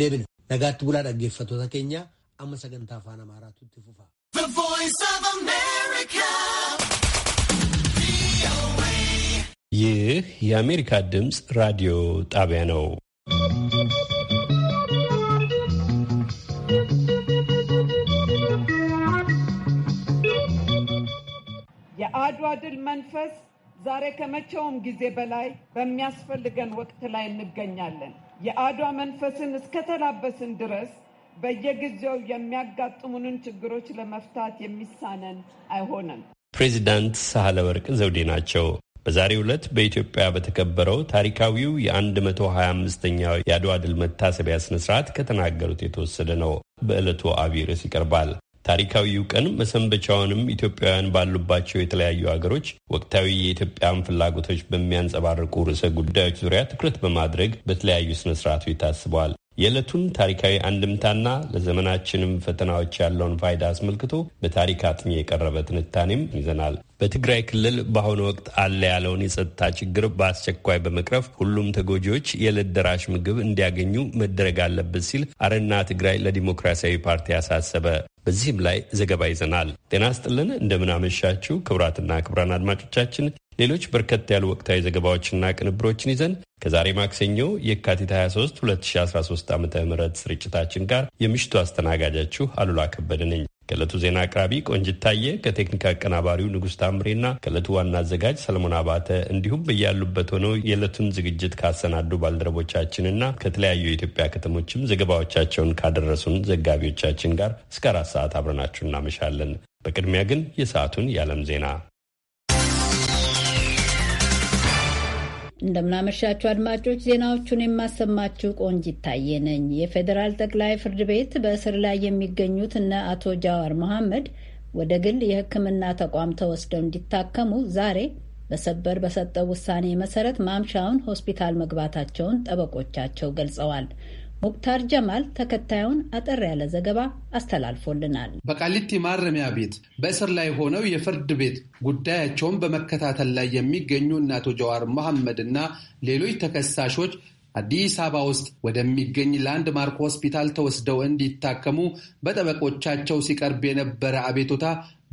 deebina nagaatti bulaa dhaggeeffattoota keenya amma sagantaa afaan amaaraatutti fufa. ይህ የአሜሪካ ድምፅ ራዲዮ ጣቢያ ነው። የአድዋ ድል መንፈስ ዛሬ ከመቼውም ጊዜ በላይ በሚያስፈልገን ወቅት ላይ እንገኛለን። የአድዋ መንፈስን እስከተላበስን ድረስ በየጊዜው የሚያጋጥሙንን ችግሮች ለመፍታት የሚሳነን አይሆንም። ፕሬዚዳንት ሳህለ ወርቅ ዘውዴ ናቸው። በዛሬ ዕለት በኢትዮጵያ በተከበረው ታሪካዊው የ125ኛው የአድዋ ድል መታሰቢያ ስነ ስርዓት ከተናገሩት የተወሰደ ነው። በዕለቱ አቢይ ርዕስ ይቀርባል። ታሪካዊው ቀን መሰንበቻውንም ኢትዮጵያውያን ባሉባቸው የተለያዩ ሀገሮች ወቅታዊ የኢትዮጵያን ፍላጎቶች በሚያንጸባርቁ ርዕሰ ጉዳዮች ዙሪያ ትኩረት በማድረግ በተለያዩ ስነስርዓቶች ታስበዋል። የዕለቱን ታሪካዊ አንድምታና ለዘመናችንም ፈተናዎች ያለውን ፋይዳ አስመልክቶ በታሪክ አጥኚ የቀረበ ትንታኔም ይዘናል። በትግራይ ክልል በአሁኑ ወቅት አለ ያለውን የጸጥታ ችግር በአስቸኳይ በመቅረፍ ሁሉም ተጎጂዎች የዕለት ደራሽ ምግብ እንዲያገኙ መደረግ አለበት ሲል አረና ትግራይ ለዲሞክራሲያዊ ፓርቲ አሳሰበ። በዚህም ላይ ዘገባ ይዘናል። ጤና ስጥልን፣ እንደምናመሻችው ክቡራትና ክቡራን አድማጮቻችን ሌሎች በርከት ያሉ ወቅታዊ ዘገባዎችና ቅንብሮችን ይዘን ከዛሬ ማክሰኞ የካቲት 23 2013 ዓ ም ስርጭታችን ጋር የምሽቱ አስተናጋጃችሁ አሉላ ከበደ ነኝ። ከእለቱ ዜና አቅራቢ ቆንጅታየ ከቴክኒክ አቀናባሪው ንጉሥ ታምሬና ከእለቱ ዋና አዘጋጅ ሰለሞን አባተ እንዲሁም በያሉበት ሆነው የዕለቱን ዝግጅት ካሰናዱ ባልደረቦቻችንና ከተለያዩ የኢትዮጵያ ከተሞችም ዘገባዎቻቸውን ካደረሱን ዘጋቢዎቻችን ጋር እስከ አራት ሰዓት አብረናችሁ እናመሻለን። በቅድሚያ ግን የሰዓቱን የዓለም ዜና እንደምናመሻችሁ አድማጮች፣ ዜናዎቹን የማሰማችሁ ቆንጅ ይታየ ነኝ። የፌዴራል ጠቅላይ ፍርድ ቤት በእስር ላይ የሚገኙት እነ አቶ ጃዋር መሐመድ ወደ ግል የሕክምና ተቋም ተወስደው እንዲታከሙ ዛሬ በሰበር በሰጠው ውሳኔ መሰረት ማምሻውን ሆስፒታል መግባታቸውን ጠበቆቻቸው ገልጸዋል። ሙክታር ጀማል ተከታዩን አጠር ያለ ዘገባ አስተላልፎልናል። በቃሊቲ ማረሚያ ቤት በእስር ላይ ሆነው የፍርድ ቤት ጉዳያቸውን በመከታተል ላይ የሚገኙ እናቶ አቶ ጀዋር መሐመድ እና ሌሎች ተከሳሾች አዲስ አበባ ውስጥ ወደሚገኝ ማርኮ ሆስፒታል ተወስደው እንዲታከሙ በጠበቆቻቸው ሲቀርብ የነበረ አቤቱታ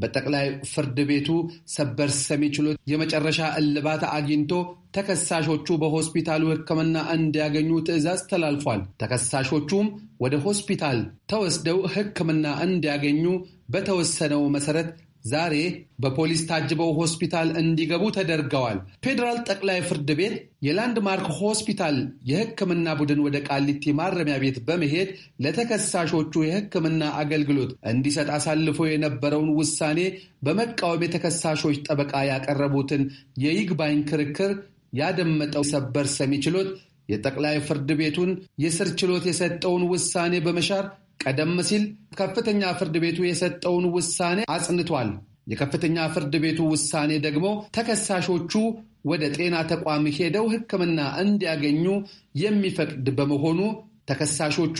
በጠቅላይ ፍርድ ቤቱ ሰበር ሰሚ ችሎት የመጨረሻ እልባት አግኝቶ ተከሳሾቹ በሆስፒታሉ ሕክምና እንዲያገኙ ትዕዛዝ ተላልፏል። ተከሳሾቹም ወደ ሆስፒታል ተወስደው ሕክምና እንዲያገኙ በተወሰነው መሰረት ዛሬ በፖሊስ ታጅበው ሆስፒታል እንዲገቡ ተደርገዋል። ፌዴራል ጠቅላይ ፍርድ ቤት የላንድማርክ ሆስፒታል የሕክምና ቡድን ወደ ቃሊቲ ማረሚያ ቤት በመሄድ ለተከሳሾቹ የሕክምና አገልግሎት እንዲሰጥ አሳልፎ የነበረውን ውሳኔ በመቃወም የተከሳሾች ጠበቃ ያቀረቡትን የይግባኝ ክርክር ያደመጠው ሰበር ሰሚ ችሎት የጠቅላይ ፍርድ ቤቱን የስር ችሎት የሰጠውን ውሳኔ በመሻር ቀደም ሲል ከፍተኛ ፍርድ ቤቱ የሰጠውን ውሳኔ አጽንቷል። የከፍተኛ ፍርድ ቤቱ ውሳኔ ደግሞ ተከሳሾቹ ወደ ጤና ተቋም ሄደው ሕክምና እንዲያገኙ የሚፈቅድ በመሆኑ ተከሳሾቹ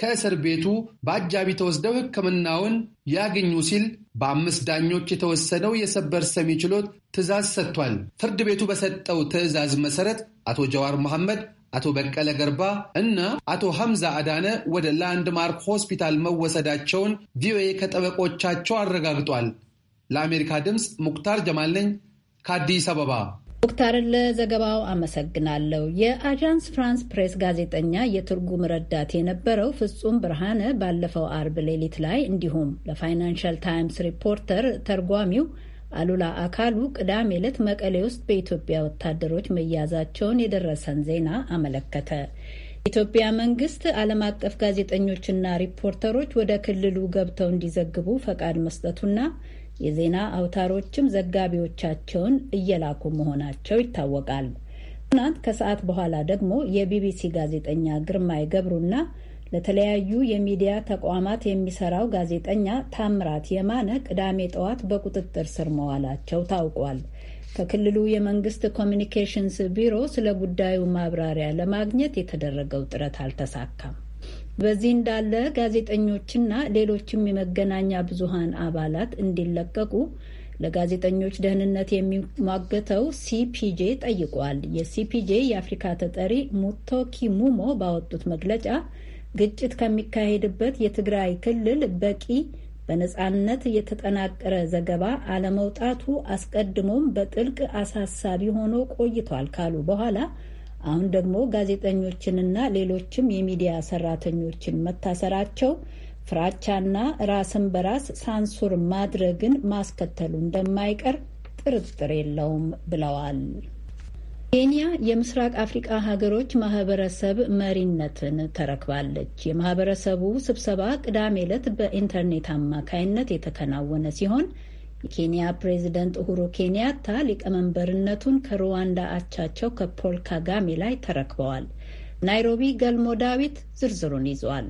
ከእስር ቤቱ በአጃቢ ተወስደው ሕክምናውን ያገኙ ሲል በአምስት ዳኞች የተወሰነው የሰበር ሰሚ ችሎት ትዕዛዝ ሰጥቷል። ፍርድ ቤቱ በሰጠው ትዕዛዝ መሰረት አቶ ጀዋር መሐመድ አቶ በቀለ ገርባ እና አቶ ሐምዛ አዳነ ወደ ላንድማርክ ሆስፒታል መወሰዳቸውን ቪኦኤ ከጠበቆቻቸው አረጋግጧል። ለአሜሪካ ድምፅ ሙክታር ጀማል ነኝ ከአዲስ አበባ። ሙክታርን ለዘገባው አመሰግናለሁ። የአዣንስ ፍራንስ ፕሬስ ጋዜጠኛ የትርጉም ረዳት የነበረው ፍጹም ብርሃነ ባለፈው አርብ ሌሊት ላይ እንዲሁም ለፋይናንሻል ታይምስ ሪፖርተር ተርጓሚው አሉላ አካሉ ቅዳሜ ዕለት መቀሌ ውስጥ በኢትዮጵያ ወታደሮች መያዛቸውን የደረሰን ዜና አመለከተ። የኢትዮጵያ መንግስት ዓለም አቀፍ ጋዜጠኞችና ሪፖርተሮች ወደ ክልሉ ገብተው እንዲዘግቡ ፈቃድ መስጠቱና የዜና አውታሮችም ዘጋቢዎቻቸውን እየላኩ መሆናቸው ይታወቃል። ትናንት ከሰዓት በኋላ ደግሞ የቢቢሲ ጋዜጠኛ ግርማይ ገብሩና ለተለያዩ የሚዲያ ተቋማት የሚሰራው ጋዜጠኛ ታምራት የማነ ቅዳሜ ጠዋት በቁጥጥር ስር መዋላቸው ታውቋል። ከክልሉ የመንግስት ኮሚኒኬሽንስ ቢሮ ስለ ጉዳዩ ማብራሪያ ለማግኘት የተደረገው ጥረት አልተሳካም። በዚህ እንዳለ ጋዜጠኞችና ሌሎችም የመገናኛ ብዙሃን አባላት እንዲለቀቁ ለጋዜጠኞች ደህንነት የሚሟገተው ሲፒጄ ጠይቋል። የሲፒጄ የአፍሪካ ተጠሪ ሙቶኪ ሙሞ ባወጡት መግለጫ ግጭት ከሚካሄድበት የትግራይ ክልል በቂ በነጻነት የተጠናቀረ ዘገባ አለመውጣቱ አስቀድሞም በጥልቅ አሳሳቢ ሆኖ ቆይቷል ካሉ በኋላ አሁን ደግሞ ጋዜጠኞችንና ሌሎችም የሚዲያ ሰራተኞችን መታሰራቸው ፍራቻና ራስን በራስ ሳንሱር ማድረግን ማስከተሉ እንደማይቀር ጥርጥር የለውም ብለዋል። ኬንያ የምስራቅ አፍሪቃ ሀገሮች ማህበረሰብ መሪነትን ተረክባለች። የማህበረሰቡ ስብሰባ ቅዳሜ ዕለት በኢንተርኔት አማካይነት የተከናወነ ሲሆን የኬንያ ፕሬዚደንት ኡሁሩ ኬንያታ ሊቀመንበርነቱን ከሩዋንዳ አቻቸው ከፖል ካጋሜ ላይ ተረክበዋል። ናይሮቢ ገልሞ ዳዊት ዝርዝሩን ይዟል።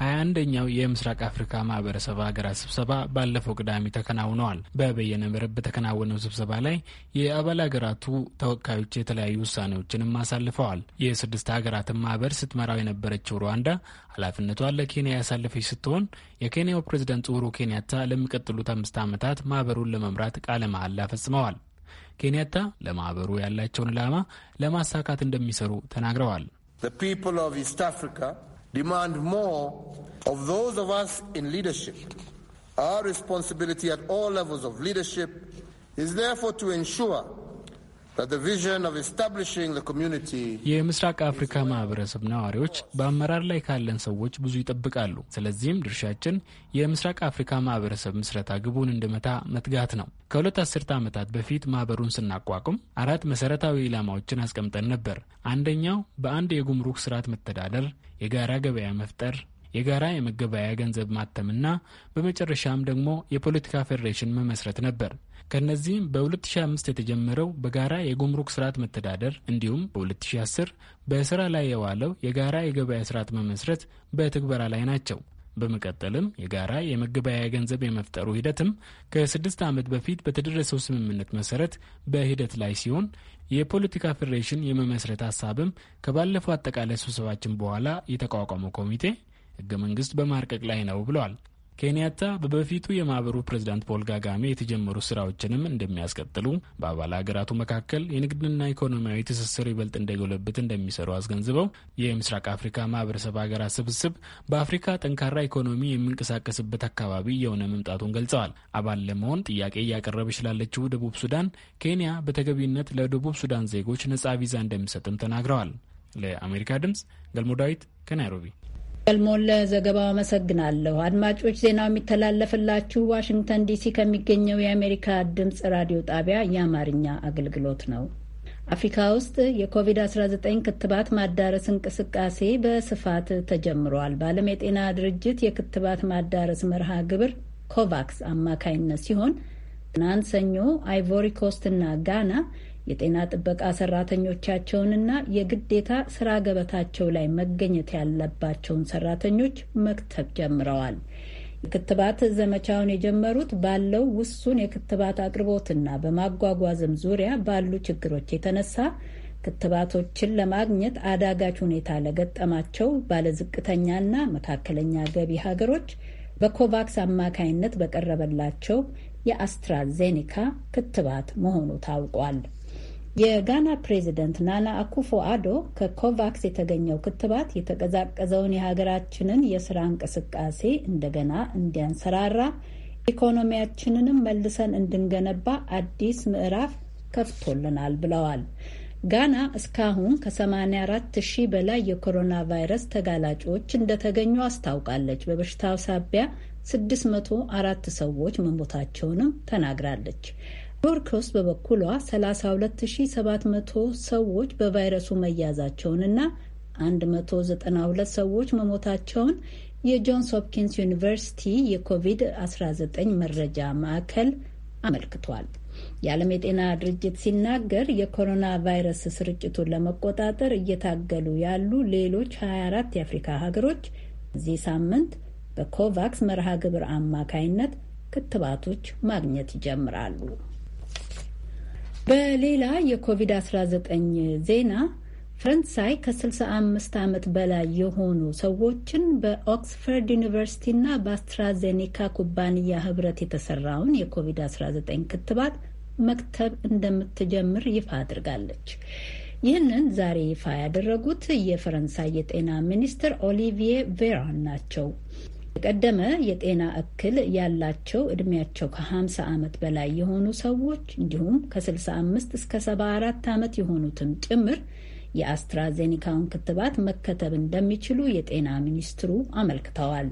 ሀያ አንደኛው የምስራቅ አፍሪካ ማህበረሰብ ሀገራት ስብሰባ ባለፈው ቅዳሜ ተከናውነዋል። በበየነ መረብ በተከናወነው ስብሰባ ላይ የአባል ሀገራቱ ተወካዮች የተለያዩ ውሳኔዎችንም አሳልፈዋል። የስድስት ሀገራትን ማህበር ስትመራው የነበረችው ሩዋንዳ ኃላፊነቷን ለኬንያ ያሳለፈች ስትሆን የኬንያው ፕሬዚደንት ኡሁሩ ኬንያታ ለሚቀጥሉት አምስት ዓመታት ማህበሩን ለመምራት ቃለ መሐላ ፈጽመዋል። ኬንያታ ለማህበሩ ያላቸውን ዓላማ ለማሳካት እንደሚሰሩ ተናግረዋል። demand more of those of us in leadership. Our responsibility at all levels of leadership is therefore to ensure የምስራቅ አፍሪካ ማህበረሰብ ነዋሪዎች በአመራር ላይ ካለን ሰዎች ብዙ ይጠብቃሉ። ስለዚህም ድርሻችን የምስራቅ አፍሪካ ማህበረሰብ ምስረታ ግቡን እንድመታ መትጋት ነው። ከሁለት አስርተ ዓመታት በፊት ማህበሩን ስናቋቁም አራት መሰረታዊ ኢላማዎችን አስቀምጠን ነበር። አንደኛው በአንድ የጉምሩክ ስርዓት መተዳደር፣ የጋራ ገበያ መፍጠር የጋራ የመገበያያ ገንዘብ ማተምና በመጨረሻም ደግሞ የፖለቲካ ፌዴሬሽን መመስረት ነበር። ከእነዚህም በ2005 የተጀመረው በጋራ የጉምሩክ ስርዓት መተዳደር እንዲሁም በ2010 በስራ ላይ የዋለው የጋራ የገበያ ስርዓት መመስረት በትግበራ ላይ ናቸው። በመቀጠልም የጋራ የመገበያያ ገንዘብ የመፍጠሩ ሂደትም ከስድስት ዓመት በፊት በተደረሰው ስምምነት መሰረት በሂደት ላይ ሲሆን የፖለቲካ ፌዴሬሽን የመመስረት ሀሳብም ከባለፈው አጠቃላይ ስብሰባችን በኋላ የተቋቋመው ኮሚቴ ህገ መንግስት በማርቀቅ ላይ ነው ብለዋል ኬንያታ በበፊቱ የማህበሩ ፕሬዚዳንት ፖል ጋጋሜ የተጀመሩ ስራዎችንም እንደሚያስቀጥሉ፣ በአባል ሀገራቱ መካከል የንግድና ኢኮኖሚያዊ ትስስር ይበልጥ እንደጎለብት እንደሚሰሩ አስገንዝበው የምስራቅ አፍሪካ ማህበረሰብ ሀገራት ስብስብ በአፍሪካ ጠንካራ ኢኮኖሚ የሚንቀሳቀስበት አካባቢ የሆነ መምጣቱን ገልጸዋል። አባል ለመሆን ጥያቄ እያቀረበች ላለችው ደቡብ ሱዳን ኬንያ በተገቢነት ለደቡብ ሱዳን ዜጎች ነጻ ቪዛ እንደሚሰጥም ተናግረዋል። ለአሜሪካ ድምጽ ገልሞ ዳዊት ከናይሮቢ ቀልሞን ለዘገባው አመሰግናለሁ። አድማጮች ዜናው የሚተላለፍላችሁ ዋሽንግተን ዲሲ ከሚገኘው የአሜሪካ ድምፅ ራዲዮ ጣቢያ የአማርኛ አገልግሎት ነው። አፍሪካ ውስጥ የኮቪድ-19 ክትባት ማዳረስ እንቅስቃሴ በስፋት ተጀምሯል። በዓለም የጤና ድርጅት የክትባት ማዳረስ መርሃ ግብር ኮቫክስ አማካይነት ሲሆን ትናንት ሰኞ አይቮሪ ኮስትና ጋና የጤና ጥበቃ ሰራተኞቻቸውንና የግዴታ ስራ ገበታቸው ላይ መገኘት ያለባቸውን ሰራተኞች መክተብ ጀምረዋል። የክትባት ዘመቻውን የጀመሩት ባለው ውሱን የክትባት አቅርቦትና በማጓጓዝም ዙሪያ ባሉ ችግሮች የተነሳ ክትባቶችን ለማግኘት አዳጋች ሁኔታ ለገጠማቸው ባለዝቅተኛና መካከለኛ ገቢ ሀገሮች በኮቫክስ አማካይነት በቀረበላቸው የአስትራዜኔካ ክትባት መሆኑ ታውቋል። የጋና ፕሬዚደንት ናና አኩፎ አዶ ከኮቫክስ የተገኘው ክትባት የተቀዛቀዘውን የሀገራችንን የስራ እንቅስቃሴ እንደገና እንዲያንሰራራ ኢኮኖሚያችንንም መልሰን እንድንገነባ አዲስ ምዕራፍ ከፍቶልናል ብለዋል። ጋና እስካሁን ከ84 ሺህ በላይ የኮሮና ቫይረስ ተጋላጮች እንደተገኙ አስታውቃለች። በበሽታው ሳቢያ 604 ሰዎች መሞታቸውንም ተናግራለች። ውስጥ በበኩሏ 32700 ሰዎች በቫይረሱ መያዛቸውንና 192 ሰዎች መሞታቸውን የጆንስ ሆፕኪንስ ዩኒቨርሲቲ የኮቪድ-19 መረጃ ማዕከል አመልክቷል። የዓለም የጤና ድርጅት ሲናገር የኮሮና ቫይረስ ስርጭቱን ለመቆጣጠር እየታገሉ ያሉ ሌሎች 24 የአፍሪካ ሀገሮች እዚህ ሳምንት በኮቫክስ መርሃ ግብር አማካይነት ክትባቶች ማግኘት ይጀምራሉ። በሌላ የኮቪድ-19 ዜና ፈረንሳይ ከ65 ዓመት በላይ የሆኑ ሰዎችን በኦክስፈርድ ዩኒቨርሲቲና በአስትራዜኔካ ኩባንያ ህብረት የተሰራውን የኮቪድ-19 ክትባት መክተብ እንደምትጀምር ይፋ አድርጋለች። ይህንን ዛሬ ይፋ ያደረጉት የፈረንሳይ የጤና ሚኒስትር ኦሊቪዬ ቬራን ናቸው። የቀደመ የጤና እክል ያላቸው እድሜያቸው ከ50 ዓመት በላይ የሆኑ ሰዎች እንዲሁም ከ65 እስከ 74 ዓመት የሆኑትን ጭምር የአስትራዜኒካውን ክትባት መከተብ እንደሚችሉ የጤና ሚኒስትሩ አመልክተዋል።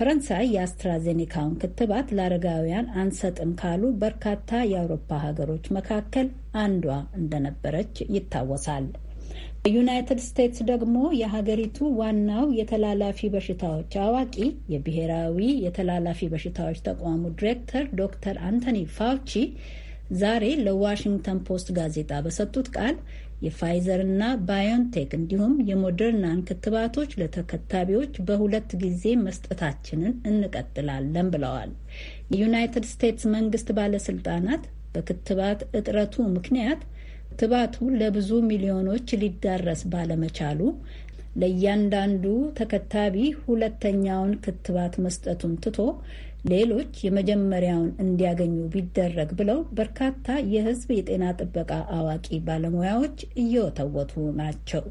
ፈረንሳይ የአስትራዜኒካውን ክትባት ለአረጋውያን አንሰጥም ካሉ በርካታ የአውሮፓ ሀገሮች መካከል አንዷ እንደነበረች ይታወሳል። ዩናይትድ ስቴትስ ደግሞ የሀገሪቱ ዋናው የተላላፊ በሽታዎች አዋቂ የብሔራዊ የተላላፊ በሽታዎች ተቋሙ ዲሬክተር ዶክተር አንቶኒ ፋውቺ ዛሬ ለዋሽንግተን ፖስት ጋዜጣ በሰጡት ቃል የፋይዘርና ባዮንቴክ እንዲሁም የሞደርናን ክትባቶች ለተከታቢዎች በሁለት ጊዜ መስጠታችንን እንቀጥላለን ብለዋል። የዩናይትድ ስቴትስ መንግስት ባለስልጣናት በክትባት እጥረቱ ምክንያት ክትባቱ ለብዙ ሚሊዮኖች ሊዳረስ ባለመቻሉ ለእያንዳንዱ ተከታቢ ሁለተኛውን ክትባት መስጠቱን ትቶ ሌሎች የመጀመሪያውን እንዲያገኙ ቢደረግ ብለው በርካታ የሕዝብ የጤና ጥበቃ አዋቂ ባለሙያዎች እየወተወቱ ናቸው።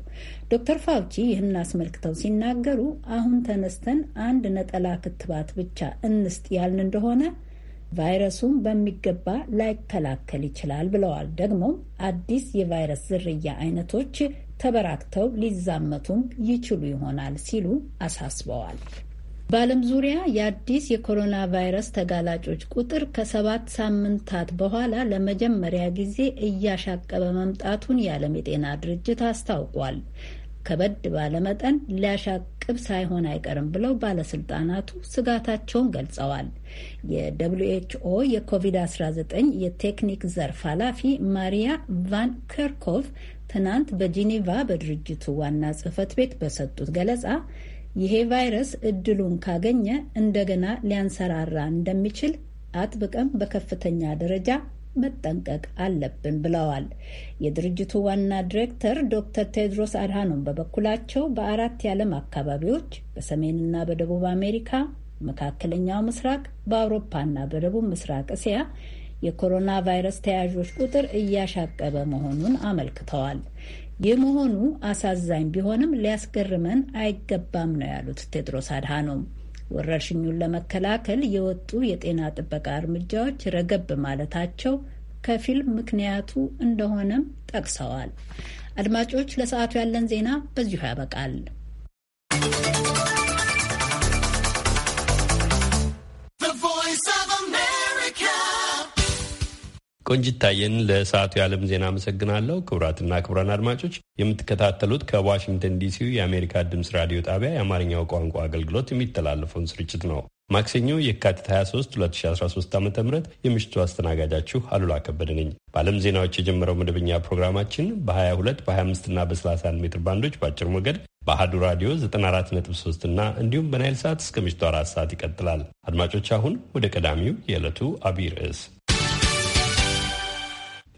ዶክተር ፋውቺ ይህን አስመልክተው ሲናገሩ አሁን ተነስተን አንድ ነጠላ ክትባት ብቻ እንስጥ ያልን እንደሆነ ቫይረሱን በሚገባ ላይከላከል ይችላል ብለዋል። ደግሞም አዲስ የቫይረስ ዝርያ አይነቶች ተበራክተው ሊዛመቱም ይችሉ ይሆናል ሲሉ አሳስበዋል። በዓለም ዙሪያ የአዲስ የኮሮና ቫይረስ ተጋላጮች ቁጥር ከሰባት ሳምንታት በኋላ ለመጀመሪያ ጊዜ እያሻቀበ መምጣቱን የዓለም የጤና ድርጅት አስታውቋል። ከበድ ባለመጠን ሊያሻቅብ ሳይሆን አይቀርም ብለው ባለስልጣናቱ ስጋታቸውን ገልጸዋል። የደብሊዩ ኤችኦ የኮቪድ-19 የቴክኒክ ዘርፍ ኃላፊ ማሪያ ቫን ከርኮቭ ትናንት በጂኔቫ በድርጅቱ ዋና ጽህፈት ቤት በሰጡት ገለጻ ይሄ ቫይረስ እድሉን ካገኘ እንደገና ሊያንሰራራ እንደሚችል አጥብቀን በከፍተኛ ደረጃ መጠንቀቅ አለብን ብለዋል። የድርጅቱ ዋና ዲሬክተር ዶክተር ቴድሮስ አድሃኖም በበኩላቸው በአራት የዓለም አካባቢዎች በሰሜንና በደቡብ አሜሪካ፣ መካከለኛው ምስራቅ፣ በአውሮፓና በደቡብ ምስራቅ እስያ የኮሮና ቫይረስ ተያዦች ቁጥር እያሻቀበ መሆኑን አመልክተዋል። ይህ መሆኑ አሳዛኝ ቢሆንም ሊያስገርመን አይገባም ነው ያሉት ቴድሮስ አድሃኖም ወረርሽኙን ለመከላከል የወጡ የጤና ጥበቃ እርምጃዎች ረገብ ማለታቸው ከፊል ምክንያቱ እንደሆነም ጠቅሰዋል። አድማጮች፣ ለሰዓቱ ያለን ዜና በዚሁ ያበቃል። ቆንጅታየን ለሰዓቱ የዓለም ዜና አመሰግናለሁ። ክቡራትና ክቡራን አድማጮች የምትከታተሉት ከዋሽንግተን ዲሲ የአሜሪካ ድምፅ ራዲዮ ጣቢያ የአማርኛው ቋንቋ አገልግሎት የሚተላለፈውን ስርጭት ነው። ማክሰኞ የካቲት 23 2013 ዓ ም የምሽቱ አስተናጋጃችሁ አሉላ ከበደ ነኝ። በዓለም ዜናዎች የጀመረው መደበኛ ፕሮግራማችን በ22 በ25 እና በ31 ሜትር ባንዶች በአጭር ሞገድ በአህዱ ራዲዮ 943 እና እንዲሁም በናይል ሰዓት እስከ ምሽቱ አራት ሰዓት ይቀጥላል። አድማጮች አሁን ወደ ቀዳሚው የዕለቱ አብይ ርዕስ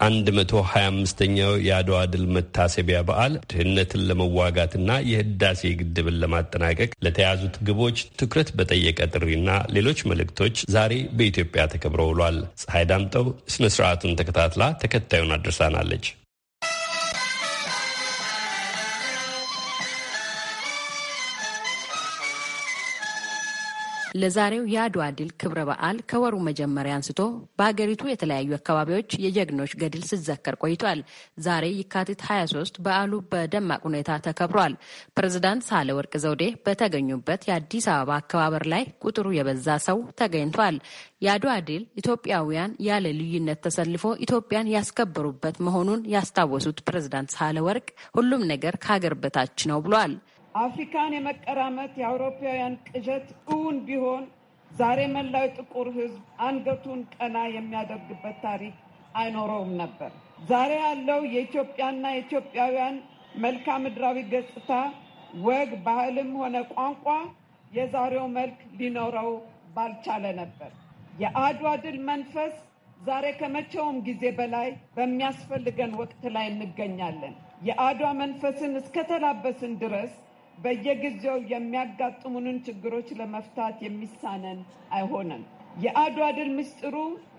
አንድ መቶ ሀያ አምስተኛው የአድዋ ድል መታሰቢያ በዓል ድህነትን ለመዋጋትና የህዳሴ ግድብን ለማጠናቀቅ ለተያዙት ግቦች ትኩረት በጠየቀ ጥሪና ሌሎች መልእክቶች ዛሬ በኢትዮጵያ ተከብረው ውሏል። ፀሐይ ዳምጠው ስነ ስርዓቱን ተከታትላ ተከታዩን አድርሳናለች። ለዛሬው የአድዋ ድል ክብረ በዓል ከወሩ መጀመሪያ አንስቶ በሀገሪቱ የተለያዩ አካባቢዎች የጀግኖች ገድል ሲዘከር ቆይቷል። ዛሬ የካቲት 23 በዓሉ በደማቅ ሁኔታ ተከብሯል። ፕሬዝዳንት ወርቅ ዘውዴ በተገኙበት የአዲስ አበባ አከባበር ላይ ቁጥሩ የበዛ ሰው ተገኝቷል። የአድዋ ድል ኢትዮጵያውያን ያለ ልዩነት ተሰልፎ ኢትዮጵያን ያስከበሩበት መሆኑን ያስታወሱት ፕሬዝዳንት ወርቅ ሁሉም ነገር ከሀገር በታች ነው ብሏል። አፍሪካን የመቀራመት የአውሮፓውያን ቅዠት እውን ቢሆን ዛሬ መላው ጥቁር ሕዝብ አንገቱን ቀና የሚያደርግበት ታሪክ አይኖረውም ነበር። ዛሬ ያለው የኢትዮጵያና የኢትዮጵያውያን መልክዓ ምድራዊ ገጽታ፣ ወግ፣ ባህልም ሆነ ቋንቋ የዛሬው መልክ ሊኖረው ባልቻለ ነበር። የአድዋ ድል መንፈስ ዛሬ ከመቼውም ጊዜ በላይ በሚያስፈልገን ወቅት ላይ እንገኛለን። የአድዋ መንፈስን እስከተላበስን ድረስ በየጊዜው የሚያጋጥሙንን ችግሮች ለመፍታት የሚሳነን አይሆንም። የአድዋ ድል ምስጢሩ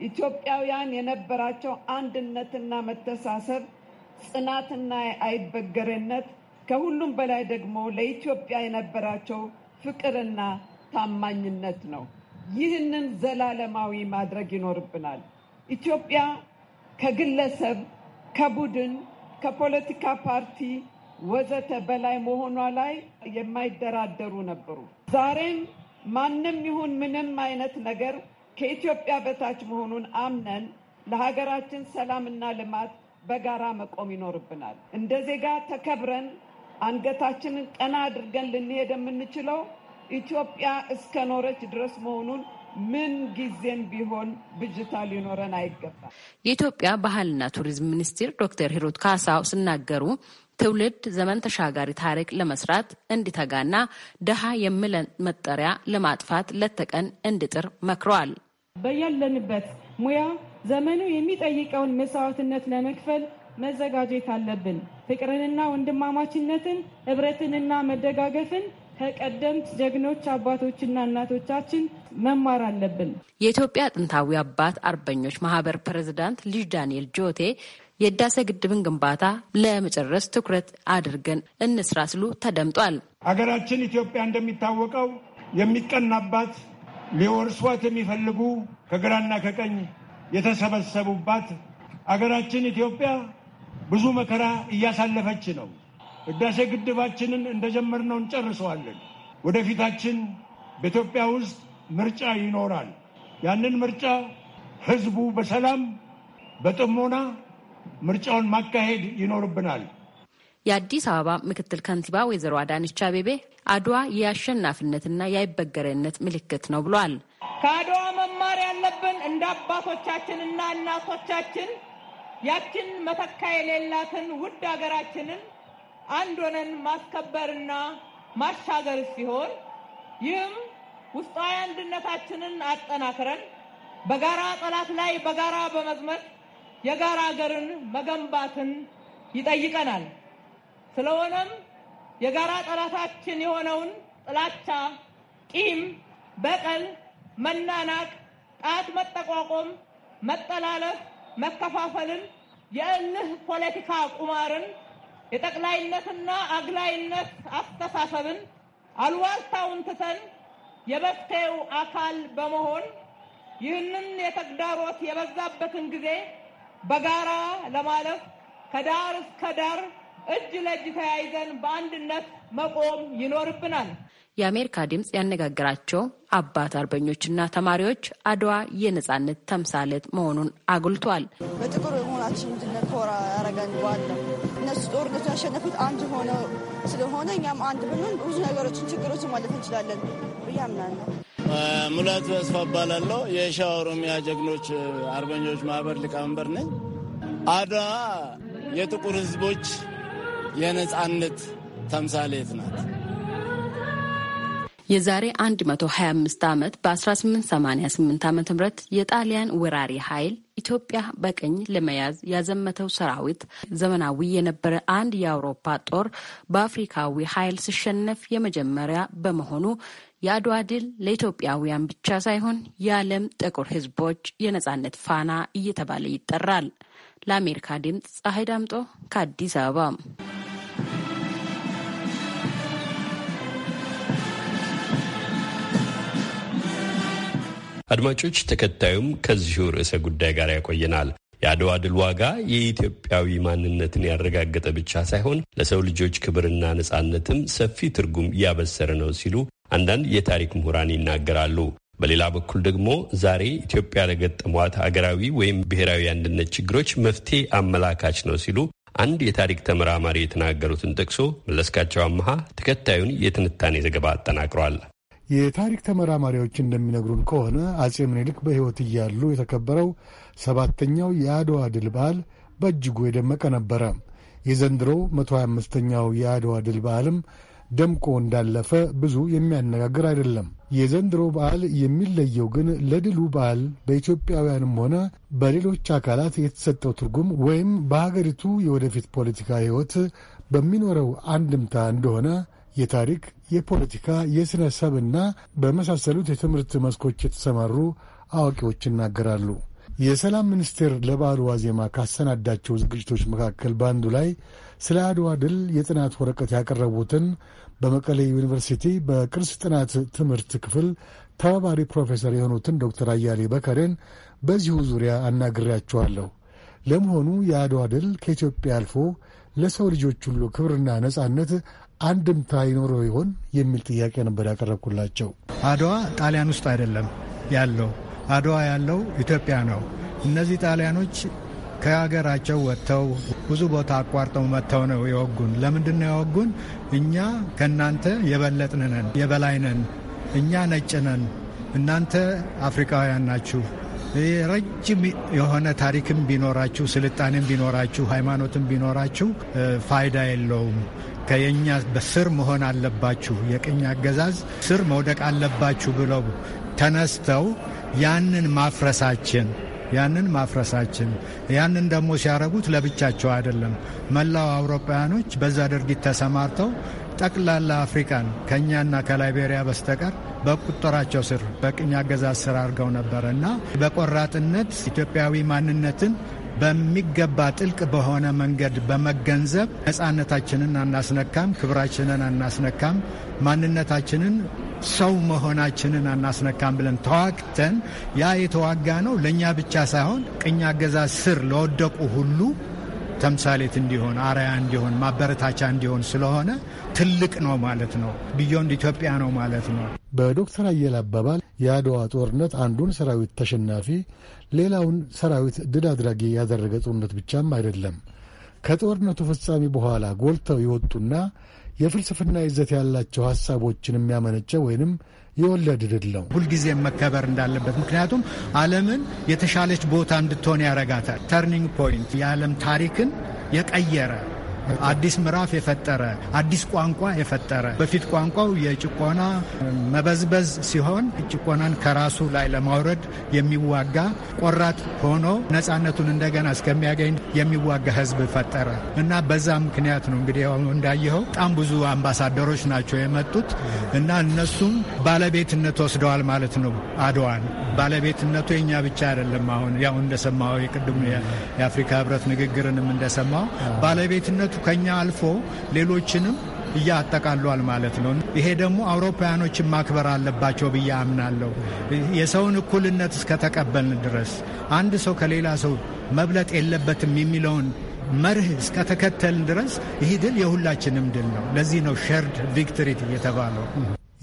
ኢትዮጵያውያን የነበራቸው አንድነትና መተሳሰብ፣ ጽናትና አይበገሬነት፣ ከሁሉም በላይ ደግሞ ለኢትዮጵያ የነበራቸው ፍቅርና ታማኝነት ነው። ይህንን ዘላለማዊ ማድረግ ይኖርብናል። ኢትዮጵያ ከግለሰብ፣ ከቡድን፣ ከፖለቲካ ፓርቲ ወዘተ በላይ መሆኗ ላይ የማይደራደሩ ነበሩ። ዛሬም ማንም ይሁን ምንም አይነት ነገር ከኢትዮጵያ በታች መሆኑን አምነን ለሀገራችን ሰላምና ልማት በጋራ መቆም ይኖርብናል። እንደ ዜጋ ተከብረን አንገታችንን ቀና አድርገን ልንሄድ የምንችለው ኢትዮጵያ እስከ ኖረች ድረስ መሆኑን ምን ጊዜም ቢሆን ብዥታ ሊኖረን አይገባል። የኢትዮጵያ ባህልና ቱሪዝም ሚኒስትር ዶክተር ሂሩት ካሳው ሲናገሩ ትውልድ ዘመን ተሻጋሪ ታሪክ ለመስራት እንዲተጋና ድሃ የሚለን መጠሪያ ለማጥፋት ለተቀን እንዲጥር መክረዋል። በያለንበት ሙያ ዘመኑ የሚጠይቀውን መስዋዕትነት ለመክፈል መዘጋጀት አለብን። ፍቅርንና ወንድማማችነትን፣ ህብረትንና መደጋገፍን ከቀደምት ጀግኖች አባቶችና እናቶቻችን መማር አለብን። የኢትዮጵያ ጥንታዊ አባት አርበኞች ማህበር ፕሬዚዳንት ልጅ ዳንኤል ጆቴ የህዳሴ ግድብን ግንባታ ለመጨረስ ትኩረት አድርገን እንስራ ስሉ ተደምጧል። ሀገራችን ኢትዮጵያ እንደሚታወቀው የሚቀናባት ሊወርሷት የሚፈልጉ ከግራና ከቀኝ የተሰበሰቡባት አገራችን ኢትዮጵያ ብዙ መከራ እያሳለፈች ነው። ህዳሴ ግድባችንን እንደጀመርነው እንጨርሰዋለን። ወደፊታችን በኢትዮጵያ ውስጥ ምርጫ ይኖራል። ያንን ምርጫ ህዝቡ በሰላም በጥሞና ምርጫውን ማካሄድ ይኖርብናል። የአዲስ አበባ ምክትል ከንቲባ ወይዘሮ አዳነች አቤቤ አድዋ የአሸናፊነትና የአይበገረነት ምልክት ነው ብሏል። ከአድዋ መማር ያለብን እንደ አባቶቻችን እና እናቶቻችን ያችን መተካ የሌላትን ውድ ሀገራችንን አንድ ሆነን ማስከበርና ማሻገር ሲሆን ይህም ውስጣዊ አንድነታችንን አጠናክረን በጋራ ጠላት ላይ በጋራ በመዝመት የጋራ ሀገርን መገንባትን ይጠይቀናል። ስለሆነም የጋራ ጠላታችን የሆነውን ጥላቻ፣ ቂም፣ በቀል፣ መናናቅ፣ ጣት መጠቋቆም፣ መጠላለፍ፣ መከፋፈልን፣ የእልህ ፖለቲካ ቁማርን፣ የጠቅላይነትና አግላይነት አስተሳሰብን አሉባልታውን ትተን የመፍትሄው አካል በመሆን ይህንን የተግዳሮት የበዛበትን ጊዜ በጋራ ለማለፍ ከዳር እስከ ዳር እጅ ለእጅ ተያይዘን በአንድነት መቆም ይኖርብናል። የአሜሪካ ድምፅ ያነጋገራቸው አባት አርበኞችና ተማሪዎች አድዋ የነጻነት ተምሳሌት መሆኑን አጉልቷል። በጥቁር መሆናችን እንድንኮራ ያደረገን በዓል እነሱ ጦርነቱ ያሸነፉት አንድ ሆነው ስለሆነ እኛም አንድ ብንን ብዙ ነገሮችን፣ ችግሮችን ማለፍ እንችላለን ብዬ አምናለሁ። ሙላቱ ተስፋ እባላለሁ። የሻ ኦሮሚያ ጀግኖች አርበኞች ማህበር ሊቀመንበር ነኝ። አድዋ የጥቁር ህዝቦች የነጻነት ተምሳሌት ናት። የዛሬ 125 ዓመት በ1888 ዓ ም የጣሊያን ወራሪ ኃይል ኢትዮጵያ በቀኝ ለመያዝ ያዘመተው ሰራዊት ዘመናዊ የነበረ አንድ የአውሮፓ ጦር በአፍሪካዊ ኃይል ሲሸነፍ የመጀመሪያ በመሆኑ የአድዋ ድል ለኢትዮጵያውያን ብቻ ሳይሆን የዓለም ጥቁር ሕዝቦች የነጻነት ፋና እየተባለ ይጠራል። ለአሜሪካ ድምፅ ፀሐይ ዳምጦ ከአዲስ አበባ። አድማጮች፣ ተከታዩም ከዚሁ ርዕሰ ጉዳይ ጋር ያቆየናል። የአድዋ ድል ዋጋ የኢትዮጵያዊ ማንነትን ያረጋገጠ ብቻ ሳይሆን ለሰው ልጆች ክብርና ነጻነትም ሰፊ ትርጉም እያበሰረ ነው ሲሉ አንዳንድ የታሪክ ምሁራን ይናገራሉ። በሌላ በኩል ደግሞ ዛሬ ኢትዮጵያ ለገጠሟት አገራዊ ወይም ብሔራዊ አንድነት ችግሮች መፍትሄ አመላካች ነው ሲሉ አንድ የታሪክ ተመራማሪ የተናገሩትን ጠቅሶ መለስካቸው አመሃ ተከታዩን የትንታኔ ዘገባ አጠናቅሯል። የታሪክ ተመራማሪዎች እንደሚነግሩን ከሆነ አጼ ምኒልክ በሕይወት እያሉ የተከበረው ሰባተኛው የአድዋ ድል በዓል በእጅጉ የደመቀ ነበረ። የዘንድሮው መቶ ሃያ አምስተኛው የአድዋ ድል በዓልም ደምቆ እንዳለፈ ብዙ የሚያነጋግር አይደለም። የዘንድሮ በዓል የሚለየው ግን ለድሉ በዓል በኢትዮጵያውያንም ሆነ በሌሎች አካላት የተሰጠው ትርጉም ወይም በሀገሪቱ የወደፊት ፖለቲካ ሕይወት በሚኖረው አንድምታ እንደሆነ የታሪክ፣ የፖለቲካ፣ የሥነ ሰብና በመሳሰሉት የትምህርት መስኮች የተሰማሩ አዋቂዎች ይናገራሉ። የሰላም ሚኒስቴር ለበዓሉ ዋዜማ ካሰናዳቸው ዝግጅቶች መካከል በአንዱ ላይ ስለ አድዋ ድል የጥናት ወረቀት ያቀረቡትን በመቀሌ ዩኒቨርሲቲ በቅርስ ጥናት ትምህርት ክፍል ተባባሪ ፕሮፌሰር የሆኑትን ዶክተር አያሌ በከሬን በዚሁ ዙሪያ አናግሬያቸዋለሁ። ለመሆኑ የአድዋ ድል ከኢትዮጵያ አልፎ ለሰው ልጆች ሁሉ ክብርና ነጻነት አንድምታ ይኖረው ይሆን የሚል ጥያቄ ነበር ያቀረብኩላቸው። አድዋ ጣሊያን ውስጥ አይደለም ያለው፣ አድዋ ያለው ኢትዮጵያ ነው። እነዚህ ጣሊያኖች ከሀገራቸው ወጥተው ብዙ ቦታ አቋርጠው መጥተው ነው የወጉን። ለምንድን ነው የወጉን? እኛ ከእናንተ የበለጥን ነን፣ የበላይ ነን፣ እኛ ነጭ ነን፣ እናንተ አፍሪካውያን ናችሁ። ረጅም የሆነ ታሪክም ቢኖራችሁ ስልጣኔም ቢኖራችሁ ሃይማኖትም ቢኖራችሁ ፋይዳ የለውም። ከየኛ በስር መሆን አለባችሁ፣ የቅኝ አገዛዝ ስር መውደቅ አለባችሁ ብለው ተነስተው ያንን ማፍረሳችን ያንን ማፍረሳችን ያንን ደግሞ ሲያረጉት ለብቻቸው አይደለም። መላው አውሮፓውያኖች በዛ ድርጊት ተሰማርተው ጠቅላላ አፍሪካን ከእኛና ከላይቤሪያ በስተቀር በቁጥራቸው ስር በቅኝ አገዛዝ ስር አድርገው ነበረ እና በቆራጥነት ኢትዮጵያዊ ማንነትን በሚገባ ጥልቅ በሆነ መንገድ በመገንዘብ ነፃነታችንን አናስነካም፣ ክብራችንን አናስነካም፣ ማንነታችንን ሰው መሆናችንን አናስነካም ብለን ተዋግተን ያ የተዋጋ ነው ለእኛ ብቻ ሳይሆን ቅኝ አገዛዝ ስር ለወደቁ ሁሉ ተምሳሌት እንዲሆን አርያ እንዲሆን ማበረታቻ እንዲሆን ስለሆነ ትልቅ ነው ማለት ነው። ቢዮንድ ኢትዮጵያ ነው ማለት ነው። በዶክተር አየል አባባል የአድዋ ጦርነት አንዱን ሰራዊት ተሸናፊ ሌላውን ሰራዊት ድል አድራጊ ያደረገ ጦርነት ብቻም አይደለም። ከጦርነቱ ፍጻሜ በኋላ ጎልተው የወጡና የፍልስፍና ይዘት ያላቸው ሀሳቦችን የሚያመነጨ ወይንም የወለድ ድል ነው። ሁልጊዜ መከበር እንዳለበት ምክንያቱም ዓለምን የተሻለች ቦታ እንድትሆን ያረጋታል። ተርኒንግ ፖይንት የዓለም ታሪክን የቀየረ አዲስ ምዕራፍ የፈጠረ አዲስ ቋንቋ የፈጠረ በፊት ቋንቋው የጭቆና መበዝበዝ ሲሆን ጭቆናን ከራሱ ላይ ለማውረድ የሚዋጋ ቆራጥ ሆኖ ነፃነቱን እንደገና እስከሚያገኝ የሚዋጋ ህዝብ ፈጠረ እና በዛ ምክንያት ነው እንግዲህ እንዳየኸው በጣም ብዙ አምባሳደሮች ናቸው የመጡት እና እነሱም ባለቤትነት ወስደዋል ማለት ነው። አድዋን ባለቤትነቱ የኛ ብቻ አይደለም። አሁን ያው እንደሰማው የቅድሙ የአፍሪካ ህብረት ንግግርንም እንደሰማው ባለቤትነቱ ከኛ አልፎ ሌሎችንም እያጠቃሏል ማለት ነው። ይሄ ደግሞ አውሮፓውያኖችን ማክበር አለባቸው ብዬ አምናለሁ። የሰውን እኩልነት እስከተቀበልን ድረስ አንድ ሰው ከሌላ ሰው መብለጥ የለበትም የሚለውን መርህ እስከተከተልን ድረስ ይህ ድል የሁላችንም ድል ነው። ለዚህ ነው ሸርድ ቪክትሪት እየተባለው።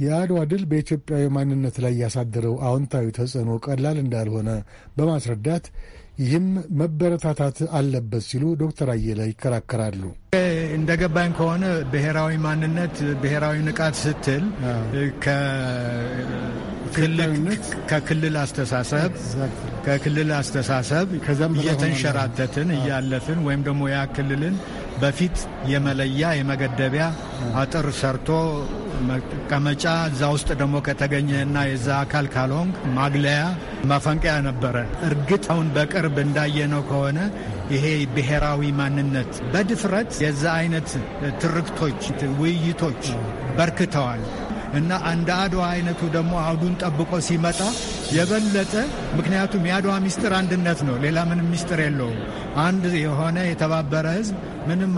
የአድዋ ድል በኢትዮጵያዊ ማንነት ላይ ያሳደረው አዎንታዊ ተጽዕኖ ቀላል እንዳልሆነ በማስረዳት ይህም መበረታታት አለበት ሲሉ ዶክተር አየለ ይከራከራሉ። እንደገባኝ ከሆነ ብሔራዊ ማንነት ብሔራዊ ንቃት ስትል ከክልል አስተሳሰብ ከክልል አስተሳሰብ እየተንሸራተትን እያለፍን ወይም ደግሞ ያ ክልልን በፊት የመለያ የመገደቢያ አጥር ሰርቶ መቀመጫ እዛ ውስጥ ደግሞ ከተገኘና የዛ አካል ካልሆንክ ማግለያ ማፈንቀያ ነበረ። እርግጥ አሁን በቅርብ እንዳየነው ከሆነ ይሄ ብሔራዊ ማንነት በድፍረት የዛ አይነት ትርክቶች፣ ውይይቶች በርክተዋል። እና አንድ አድዋ አይነቱ ደግሞ አውዱን ጠብቆ ሲመጣ የበለጠ ምክንያቱም የአድዋ ሚስጥር አንድነት ነው። ሌላ ምንም ሚስጥር የለውም። አንድ የሆነ የተባበረ ህዝብ ምንም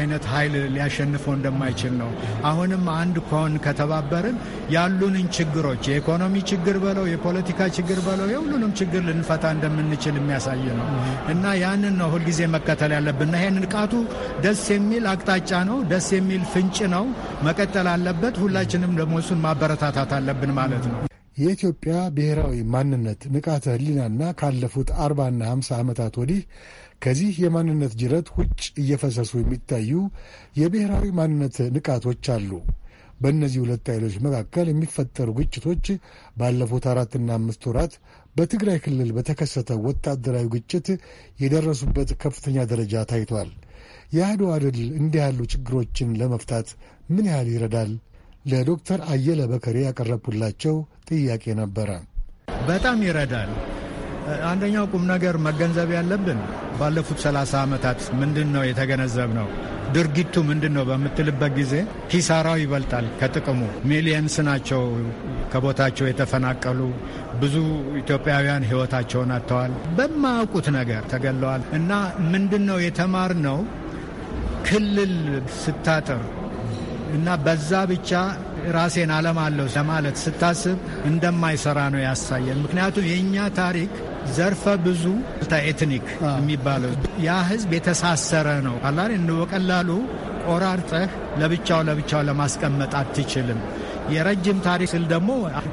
አይነት ኃይል ሊያሸንፈው እንደማይችል ነው። አሁንም አንድ ከሆን ከተባበርን ያሉንን ችግሮች የኢኮኖሚ ችግር በለው፣ የፖለቲካ ችግር በለው፣ የሁሉንም ችግር ልንፈታ እንደምንችል የሚያሳይ ነው እና ያንን ነው ሁልጊዜ መከተል ያለብንና ይሄ ንቃቱ ደስ የሚል አቅጣጫ ነው፣ ደስ የሚል ፍንጭ ነው። መቀጠል አለበት ሁላችንም ደግሞ እሱን ማበረታታት አለብን ማለት ነው። የኢትዮጵያ ብሔራዊ ማንነት ንቃተ ህሊናና ካለፉት አርባና ሀምሳ ዓመታት ወዲህ ከዚህ የማንነት ጅረት ውጭ እየፈሰሱ የሚታዩ የብሔራዊ ማንነት ንቃቶች አሉ። በእነዚህ ሁለት ኃይሎች መካከል የሚፈጠሩ ግጭቶች ባለፉት አራትና አምስት ወራት በትግራይ ክልል በተከሰተው ወታደራዊ ግጭት የደረሱበት ከፍተኛ ደረጃ ታይቷል። የአድዋ ድል እንዲህ ያሉ ችግሮችን ለመፍታት ምን ያህል ይረዳል ለዶክተር አየለ በከሬ ያቀረብኩላቸው ጥያቄ ነበረ። በጣም ይረዳል። አንደኛው ቁም ነገር መገንዘብ ያለብን ባለፉት ሰላሳ ዓመታት ምንድን ነው የተገነዘብ ነው ድርጊቱ ምንድን ነው በምትልበት ጊዜ ኪሳራው ይበልጣል ከጥቅሙ። ሚሊየንስ ናቸው ከቦታቸው የተፈናቀሉ። ብዙ ኢትዮጵያውያን ሕይወታቸውን አጥተዋል። በማያውቁት ነገር ተገለዋል። እና ምንድን ነው የተማር ነው ክልል ስታጥር እና በዛ ብቻ ራሴን አለማለሁ ለማለት ስታስብ እንደማይሰራ ነው ያሳየን። ምክንያቱም የእኛ ታሪክ ዘርፈ ብዙ ኤትኒክ የሚባለው ያ ህዝብ የተሳሰረ ነው። አላን በቀላሉ ቆራርጠህ ለብቻው ለብቻው ለማስቀመጥ አትችልም። የረጅም ታሪክ ስል ደግሞ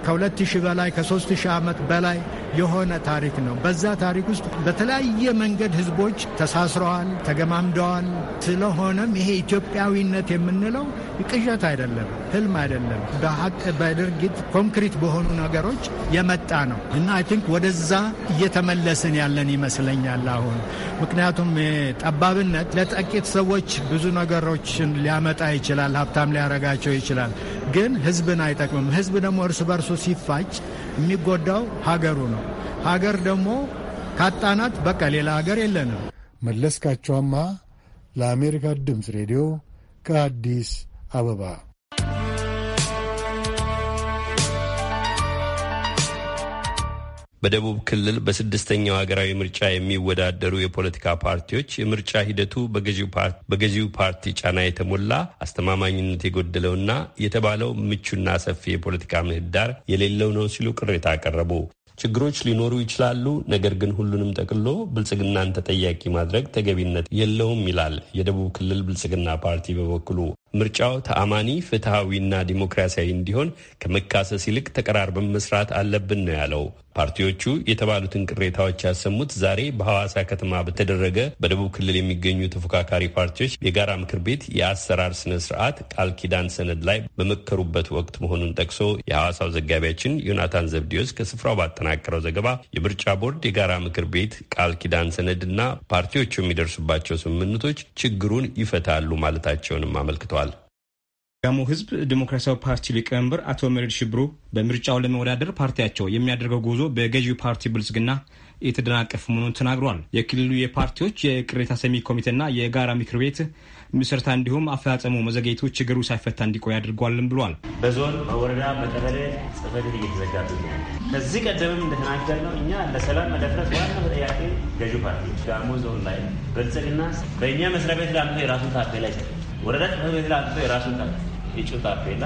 ከ 2000 በላይ ከ3000 ዓመት በላይ የሆነ ታሪክ ነው። በዛ ታሪክ ውስጥ በተለያየ መንገድ ህዝቦች ተሳስረዋል፣ ተገማምደዋል። ስለሆነም ይሄ ኢትዮጵያዊነት የምንለው ቅዠት አይደለም፣ ህልም አይደለም። በሀቅ በድርጊት ኮንክሪት በሆኑ ነገሮች የመጣ ነው እና አይ ቲንክ ወደዛ እየተመለስን ያለን ይመስለኛል አሁን። ምክንያቱም ጠባብነት ለጥቂት ሰዎች ብዙ ነገሮችን ሊያመጣ ይችላል፣ ሀብታም ሊያረጋቸው ይችላል፣ ግን ህዝብን አይጠቅምም። ህዝብ ደግሞ እርስ በርሱ ሲፋጭ የሚጎዳው ሀገሩ ነው። ሀገር ደግሞ ካጣናት በቃ ሌላ ሀገር የለንም። መለስካቸዋማ ለአሜሪካ ድምፅ ሬዲዮ ከአዲስ አበባ በደቡብ ክልል በስድስተኛው ሀገራዊ ምርጫ የሚወዳደሩ የፖለቲካ ፓርቲዎች የምርጫ ሂደቱ በገዢው ፓርቲ ጫና የተሞላ አስተማማኝነት የጎደለውና የተባለው ምቹና ሰፊ የፖለቲካ ምህዳር የሌለው ነው ሲሉ ቅሬታ አቀረቡ። ችግሮች ሊኖሩ ይችላሉ፣ ነገር ግን ሁሉንም ጠቅሎ ብልጽግናን ተጠያቂ ማድረግ ተገቢነት የለውም ይላል የደቡብ ክልል ብልጽግና ፓርቲ በበኩሉ ምርጫው ተአማኒ ፍትሐዊና ዲሞክራሲያዊ እንዲሆን ከመካሰስ ይልቅ ተቀራርበን መስራት አለብን ነው ያለው። ፓርቲዎቹ የተባሉትን ቅሬታዎች ያሰሙት ዛሬ በሐዋሳ ከተማ በተደረገ በደቡብ ክልል የሚገኙ ተፎካካሪ ፓርቲዎች የጋራ ምክር ቤት የአሰራር ስነ ስርዓት ቃል ኪዳን ሰነድ ላይ በመከሩበት ወቅት መሆኑን ጠቅሶ የሐዋሳው ዘጋቢያችን ዮናታን ዘብዲዮስ ከስፍራው ባጠና የተጠናቀረው ዘገባ የምርጫ ቦርድ የጋራ ምክር ቤት ቃል ኪዳን ሰነድና ፓርቲዎቹ የሚደርሱባቸው ስምምነቶች ችግሩን ይፈታሉ ማለታቸውንም አመልክተዋል። ጋሞ ህዝብ ዲሞክራሲያዊ ፓርቲ ሊቀመንበር አቶ መሬድ ሽብሩ በምርጫው ለመወዳደር ፓርቲያቸው የሚያደርገው ጉዞ በገዢው ፓርቲ ብልጽግና የተደናቀፈ መሆኑን ተናግሯል። የክልሉ የፓርቲዎች የቅሬታ ሰሚ ኮሚቴና የጋራ ምክር ቤት ምስርታ እንዲሁም አፈጻጸሙ መዘግየቱ ችግሩ ሳይፈታ እንዲቆይ አድርጓልም ብሏል። በዞን በወረዳ በቀበሌ ጽፈት ቤት እየተዘጋብን ነው። ከዚህ ቀደምም እንደተናገር ነው እኛ ለሰላም መደፍረስ ዋና ተጠያቂ ገዢ ፓርቲ ጋሞ ዞን ላይ ብልጽግና በእኛ መስሪያ ቤት ላይ አምጥቶ የራሱን ታፔላ ይሰጣል። ወረዳ ጽፈት ቤት ላይ አምጥቶ የራሱን እጩ ታፔላ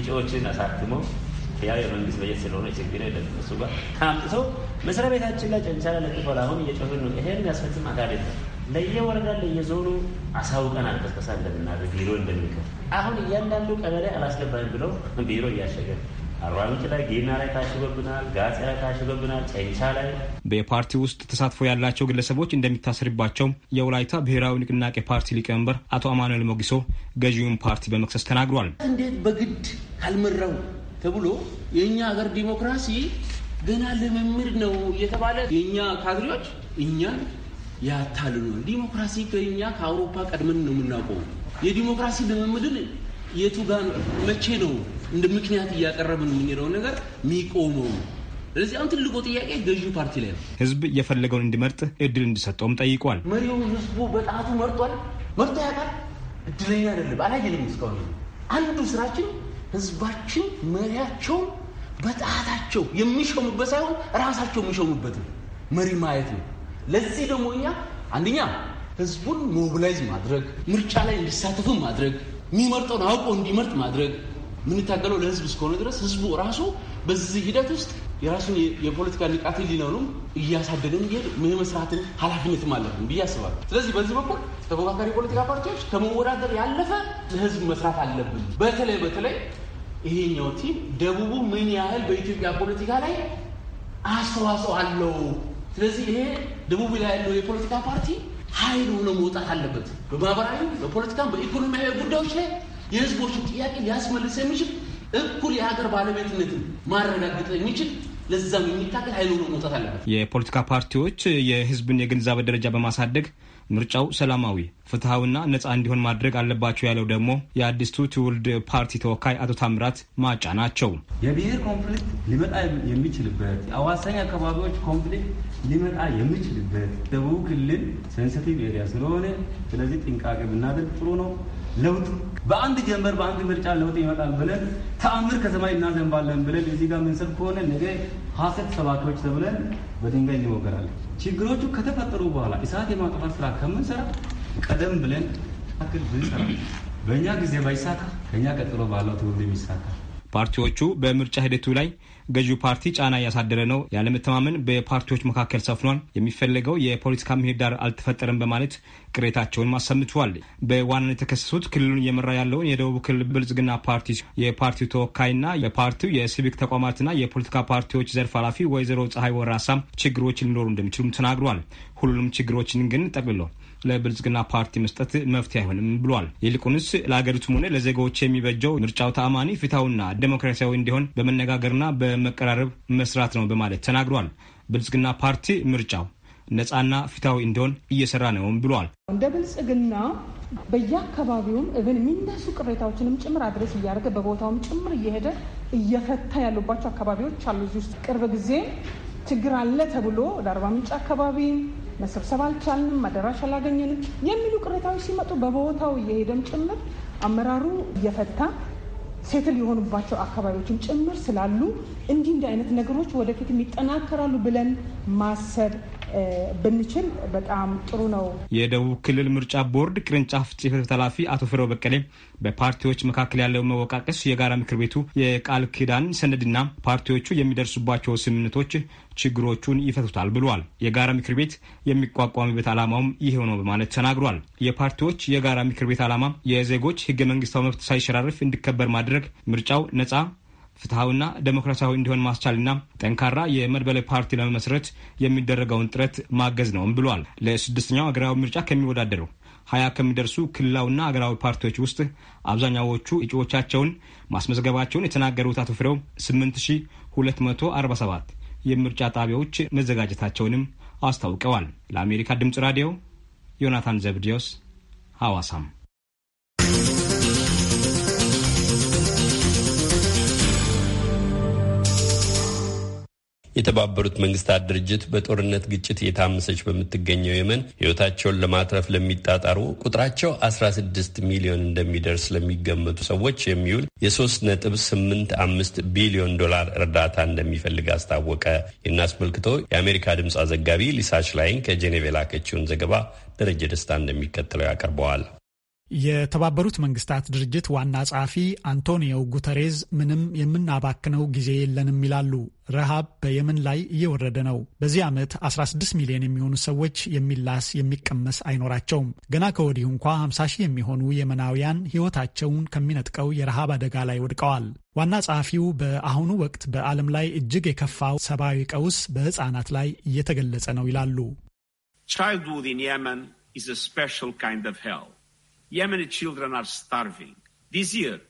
እጩዎችን አሳትሞ ያው የመንግስት በጀት ስለሆነ ችግር የለም። እሱ ጋር አምጥቶ መስሪያ ቤታችን ላይ ጨንቻላ ለጥፎ አሁን እየጮህን ነው። ይሄን የሚያስፈጽም አካል የለም። ለየወረዳ ለየዞኑ አሳውቀን አንቀስቀሳ እንደምናደርግ ቢሮ እንደሚከፍት አሁን እያንዳንዱ ቀበሌ አላስገባን ብለው ቢሮ እያሸገ አርባምንጭ ላይ ጌና ላይ ታሽጎብናል፣ ጋጼ ላይ ታሽጎብናል፣ ጨንቻ ላይ። በፓርቲ ውስጥ ተሳትፎ ያላቸው ግለሰቦች እንደሚታሰርባቸውም የወላይታ ብሔራዊ ንቅናቄ ፓርቲ ሊቀመንበር አቶ አማኑኤል ሞጊሶ ገዢውን ፓርቲ በመክሰስ ተናግሯል። እንዴት በግድ ካልመራው ተብሎ የእኛ ሀገር ዲሞክራሲ ገና ልምምድ ነው እየተባለ የእኛ ካድሬዎች እኛን ያታልሉን። ዲሞክራሲ ከኛ ከአውሮፓ ቀድመን ነው የምናውቀው። የዲሞክራሲ ልምምድን የቱ ጋር መቼ ነው እንደ ምክንያት እያቀረብን የምንሄደውን ነገር የሚቆመው? ስለዚህ አሁን ትልቁ ጥያቄ ገዢው ፓርቲ ላይ ነው። ህዝብ የፈለገውን እንዲመርጥ እድል እንዲሰጠውም ጠይቋል። መሪው ህዝቡ በጣቱ መርጧል። መርጦ ያውቃል? እድለኛ አይደለም። አላየንም እስካሁን። አንዱ ስራችን ህዝባችን መሪያቸውን በጣታቸው የሚሾሙበት ሳይሆን ራሳቸው የሚሾሙበት መሪ ማየት ነው። ለዚህ ደግሞ እኛ አንደኛ ህዝቡን ሞቢላይዝ ማድረግ፣ ምርጫ ላይ እንዲሳተፉ ማድረግ፣ የሚመርጠውን አውቆ እንዲመርጥ ማድረግ። የምንታገለው ለህዝብ እስከሆነ ድረስ ህዝቡ ራሱ በዚህ ሂደት ውስጥ የራሱን የፖለቲካ ንቃት ሊነውንም እያሳደገን እየሄድ ምን መስራትን ኃላፊነትም አለብን ብዬ አስባለሁ። ስለዚህ በዚህ በኩል ተፎካካሪ ፖለቲካ ፓርቲዎች ከመወዳደር ያለፈ ለህዝብ መስራት አለብን። በተለይ በተለይ ይሄኛው ቲም ደቡቡ ምን ያህል በኢትዮጵያ ፖለቲካ ላይ አስተዋጽኦ አለው ስለዚህ ይሄ ደቡብ ላይ ያለው የፖለቲካ ፓርቲ ኃይል ሆኖ መውጣት አለበት። በማህበራዊ በፖለቲካ በኢኮኖሚያዊ ጉዳዮች ላይ የህዝቦችን ጥያቄ ሊያስመልስ የሚችል እኩል የሀገር ባለቤትነትን ማረጋገጥ የሚችል ለዛም የሚታገል ኃይል ሆኖ መውጣት አለበት። የፖለቲካ ፓርቲዎች የህዝብን የግንዛቤ ደረጃ በማሳደግ ምርጫው ሰላማዊ ፍትሐዊና ነጻ እንዲሆን ማድረግ አለባቸው ያለው ደግሞ የአዲስቱ ትውልድ ፓርቲ ተወካይ አቶ ታምራት ማጫ ናቸው። የብሔር ኮንፍሊክት ሊመጣ የሚችልበት አዋሳኝ አካባቢዎች ኮንፍሊክት ሊመጣ የሚችልበት ደቡብ ክልል ሴንስቲቭ ኤሪያ ስለሆነ ስለዚህ ጥንቃቄ ብናደርግ ጥሩ ነው። ለውጥ በአንድ ጀንበር በአንድ ምርጫ ለውጥ ይመጣል ብለን ተአምር ከሰማይ እናዘንባለን ብለን እዚህ ጋር ምንስል ከሆነ ነገ ሀሰት ሰባኪዎች ተብለን በድንጋይ እንወገራለን። ችግሮቹ ከተፈጠሩ በኋላ እሳት የማጥፋት ስራ ከምንሰራ ቀደም ብለን ብንሰራ በእኛ ጊዜ ባይሳካ ከእኛ ቀጥሎ ባለው ትውልድ የሚሳካ ፓርቲዎቹ በምርጫ ሂደቱ ላይ ገዢው ፓርቲ ጫና እያሳደረ ነው፣ ያለመተማመን በፓርቲዎች መካከል ሰፍኗል፣ የሚፈለገው የፖለቲካ ምህዳር አልተፈጠረም በማለት ቅሬታቸውን አሰምተዋል። በዋናነት የተከሰሱት ክልሉን እየመራ ያለውን የደቡብ ክልል ብልጽግና ፓርቲ የፓርቲው ተወካይና የፓርቲው የሲቪክ ተቋማትና የፖለቲካ ፓርቲዎች ዘርፍ ኃላፊ ወይዘሮ ፀሐይ ወራሳ ችግሮች ሊኖሩ እንደሚችሉም ተናግሯል። ሁሉንም ችግሮችን ግን ጠቅልሏል። ለብልጽግና ፓርቲ መስጠት መፍትሄ አይሆንም ብሏል። ይልቁንስ ለሀገሪቱም ሆነ ለዜጋዎች የሚበጀው ምርጫው ተአማኒ፣ ፍትሐዊና ዴሞክራሲያዊ እንዲሆን በመነጋገርና በመቀራረብ መስራት ነው በማለት ተናግሯል። ብልጽግና ፓርቲ ምርጫው ነፃና ፍትሐዊ እንዲሆን እየሰራ ነውም ብሏል። እንደ ብልጽግና በየአካባቢውም እብን የሚነሱ ቅሬታዎችንም ጭምር አድረስ እያደረገ በቦታውም ጭምር እየሄደ እየፈታ ያሉባቸው አካባቢዎች አሉ። እዚህ ውስጥ ቅርብ ጊዜ ችግር አለ ተብሎ ወደ አርባ ምንጭ አካባቢ መሰብሰብ አልቻልንም፣ አዳራሽ አላገኘንም የሚሉ ቅሬታዎች ሲመጡ በቦታው እየሄደም ጭምር አመራሩ እየፈታ ሴትል የሆኑባቸው አካባቢዎችን ጭምር ስላሉ እንዲህ እንዲህ አይነት ነገሮች ወደፊት ይጠናከራሉ ብለን ማሰብ ብንችል በጣም ጥሩ ነው። የደቡብ ክልል ምርጫ ቦርድ ቅርንጫፍ ጽሕፈት ኃላፊ አቶ ፍረው በቀሌ በፓርቲዎች መካከል ያለው መወቃቀስ የጋራ ምክር ቤቱ የቃል ኪዳን ሰነድና ፓርቲዎቹ የሚደርሱባቸው ስምምነቶች ችግሮቹን ይፈቱታል ብሏል። የጋራ ምክር ቤት የሚቋቋምበት ዓላማውም ይሄው ነው በማለት ተናግሯል። የፓርቲዎች የጋራ ምክር ቤት ዓላማ የዜጎች ህገ መንግስታዊ መብት ሳይሸራርፍ እንዲከበር ማድረግ፣ ምርጫው ነጻ ፍትሐዊና ዴሞክራሲያዊ እንዲሆን ማስቻልና ጠንካራ የመድበለ ፓርቲ ለመመስረት የሚደረገውን ጥረት ማገዝ ነውም ብሏል። ለስድስተኛው አገራዊ ምርጫ ከሚወዳደሩ ሀያ ከሚደርሱ ክልላዊና አገራዊ ፓርቲዎች ውስጥ አብዛኛዎቹ እጩዎቻቸውን ማስመዝገባቸውን የተናገሩት አቶ ፍሬው 8247 የምርጫ ጣቢያዎች መዘጋጀታቸውንም አስታውቀዋል። ለአሜሪካ ድምፅ ራዲዮ ዮናታን ዘብዲዮስ ሐዋሳም የተባበሩት መንግስታት ድርጅት በጦርነት ግጭት እየታመሰች በምትገኘው የመን ህይወታቸውን ለማትረፍ ለሚጣጣሩ ቁጥራቸው 16 ሚሊዮን እንደሚደርስ ለሚገመቱ ሰዎች የሚውል የ3.85 ቢሊዮን ዶላር እርዳታ እንደሚፈልግ አስታወቀ። ይህን አስመልክቶ የአሜሪካ ድምፅ ዘጋቢ ሊሳ ሽላይን ከጄኔቭ የላከችውን ዘገባ ደረጀ ደስታ እንደሚከተለው ያቀርበዋል። የተባበሩት መንግስታት ድርጅት ዋና ጸሐፊ አንቶኒዮ ጉተሬዝ ምንም የምናባክነው ጊዜ የለንም ይላሉ። ረሃብ በየመን ላይ እየወረደ ነው። በዚህ ዓመት 16 ሚሊዮን የሚሆኑ ሰዎች የሚላስ የሚቀመስ አይኖራቸውም። ገና ከወዲሁ እንኳ 50 ሺህ የሚሆኑ የመናውያን ሕይወታቸውን ከሚነጥቀው የረሃብ አደጋ ላይ ወድቀዋል። ዋና ጸሐፊው በአሁኑ ወቅት በዓለም ላይ እጅግ የከፋው ሰብአዊ ቀውስ በሕፃናት ላይ እየተገለጸ ነው ይላሉ። ቻይልድሁድ ኢን የመን ኢዝ ስፔሻል ካይንድ ኦፍ Yemeni children are starving. This year,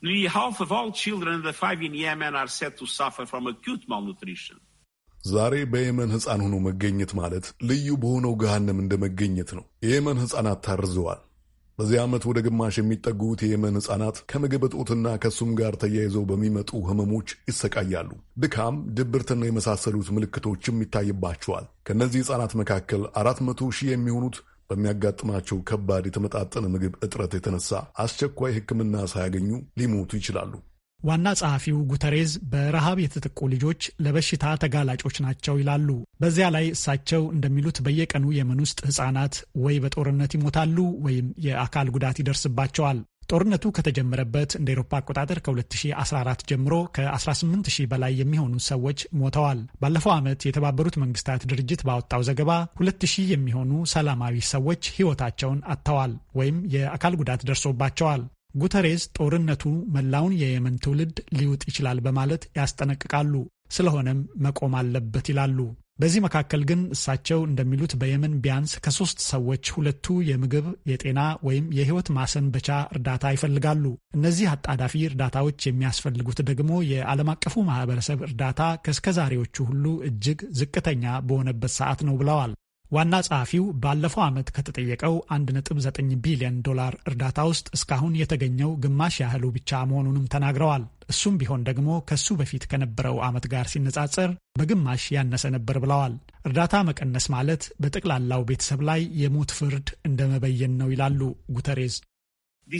nearly half of all children under five in Yemen are said to suffer from acute malnutrition. ዛሬ በየመን ሕፃን ሆኖ መገኘት ማለት ልዩ በሆነው ገሃነም እንደ መገኘት ነው። የየመን ሕፃናት ታርዘዋል። በዚህ ዓመት ወደ ግማሽ የሚጠጉት የየመን ሕፃናት ከምግብ እጦትና ከእሱም ጋር ተያይዘው በሚመጡ ህመሞች ይሰቃያሉ። ድካም፣ ድብርትና የመሳሰሉት ምልክቶችም ይታይባቸዋል። ከእነዚህ ሕፃናት መካከል አራት መቶ ሺህ የሚሆኑት በሚያጋጥማቸው ከባድ የተመጣጠነ ምግብ እጥረት የተነሳ አስቸኳይ ሕክምና ሳያገኙ ሊሞቱ ይችላሉ። ዋና ጸሐፊው ጉተሬዝ በረሃብ የተጠቁ ልጆች ለበሽታ ተጋላጮች ናቸው ይላሉ። በዚያ ላይ እሳቸው እንደሚሉት በየቀኑ የመን ውስጥ ህጻናት ወይ በጦርነት ይሞታሉ ወይም የአካል ጉዳት ይደርስባቸዋል። ጦርነቱ ከተጀመረበት እንደ ኤሮፓ አቆጣጠር ከ2014 ጀምሮ ከ18 ሺህ በላይ የሚሆኑ ሰዎች ሞተዋል። ባለፈው ዓመት የተባበሩት መንግስታት ድርጅት ባወጣው ዘገባ 2 ሺህ የሚሆኑ ሰላማዊ ሰዎች ሕይወታቸውን አጥተዋል ወይም የአካል ጉዳት ደርሶባቸዋል። ጉተሬዝ ጦርነቱ መላውን የየመን ትውልድ ሊውጥ ይችላል በማለት ያስጠነቅቃሉ። ስለሆነም መቆም አለበት ይላሉ። በዚህ መካከል ግን እሳቸው እንደሚሉት በየመን ቢያንስ ከሶስት ሰዎች ሁለቱ የምግብ የጤና ወይም የህይወት ማሰንበቻ እርዳታ ይፈልጋሉ። እነዚህ አጣዳፊ እርዳታዎች የሚያስፈልጉት ደግሞ የዓለም አቀፉ ማህበረሰብ እርዳታ ከእስከዛሬዎቹ ሁሉ እጅግ ዝቅተኛ በሆነበት ሰዓት ነው ብለዋል። ዋና ጸሐፊው ባለፈው ዓመት ከተጠየቀው 1.9 ቢሊዮን ዶላር እርዳታ ውስጥ እስካሁን የተገኘው ግማሽ ያህሉ ብቻ መሆኑንም ተናግረዋል። እሱም ቢሆን ደግሞ ከሱ በፊት ከነበረው ዓመት ጋር ሲነጻጸር በግማሽ ያነሰ ነበር ብለዋል። እርዳታ መቀነስ ማለት በጠቅላላው ቤተሰብ ላይ የሞት ፍርድ እንደመበየን ነው ይላሉ ጉተሬዝ።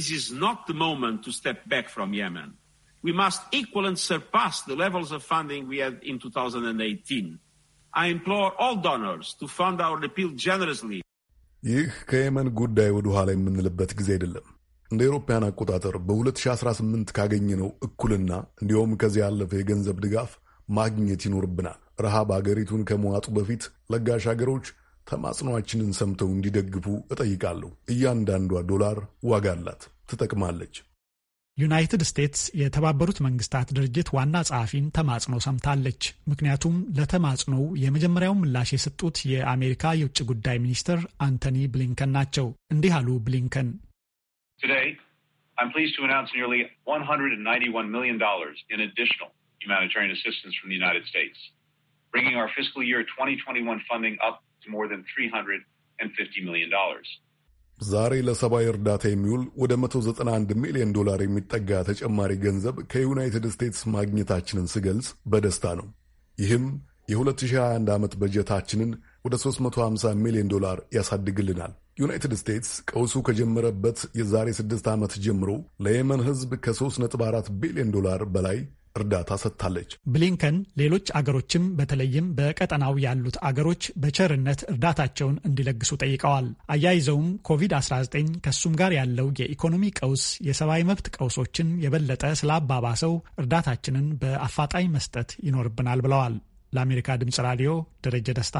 ስ ይህ ከየመን ጉዳይ ወደ ኋላ የምንልበት ጊዜ አይደለም። እንደ አውሮፓውያን አቆጣጠር በ2018 ካገኘነው እኩልና እንዲሁም ከዚህ ያለፈ የገንዘብ ድጋፍ ማግኘት ይኖርብናል። ረሃብ አገሪቱን ከመዋጡ በፊት ለጋሽ አገሮች ተማጽኗችንን ሰምተው እንዲደግፉ እጠይቃለሁ። እያንዳንዷ ዶላር ዋጋ አላት፣ ትጠቅማለች። ዩናይትድ ስቴትስ የተባበሩት መንግስታት ድርጅት ዋና ጸሐፊን ተማጽኖ ሰምታለች። ምክንያቱም ለተማጽኖው የመጀመሪያው ምላሽ የሰጡት የአሜሪካ የውጭ ጉዳይ ሚኒስትር አንቶኒ ብሊንከን ናቸው። እንዲህ አሉ ብሊንከን። bringing our fiscal year 2021 funding up to more than $350 million. ዛሬ ለሰብአዊ እርዳታ የሚውል ወደ 191 ሚሊዮን ዶላር የሚጠጋ ተጨማሪ ገንዘብ ከዩናይትድ ስቴትስ ማግኘታችንን ስገልጽ በደስታ ነው። ይህም የ2021 ዓመት በጀታችንን ወደ 350 ሚሊዮን ዶላር ያሳድግልናል። ዩናይትድ ስቴትስ ቀውሱ ከጀመረበት የዛሬ ስድስት ዓመት ጀምሮ ለየመን ሕዝብ ከ3.4 ቢሊዮን ዶላር በላይ እርዳታ ሰጥታለች። ብሊንከን ሌሎች አገሮችም በተለይም በቀጠናው ያሉት አገሮች በቸርነት እርዳታቸውን እንዲለግሱ ጠይቀዋል። አያይዘውም ኮቪድ-19 ከሱም ጋር ያለው የኢኮኖሚ ቀውስ የሰብአዊ መብት ቀውሶችን የበለጠ ስላባባሰው እርዳታችንን በአፋጣኝ መስጠት ይኖርብናል ብለዋል። ለአሜሪካ ድምጽ ራዲዮ ደረጀ ደስታ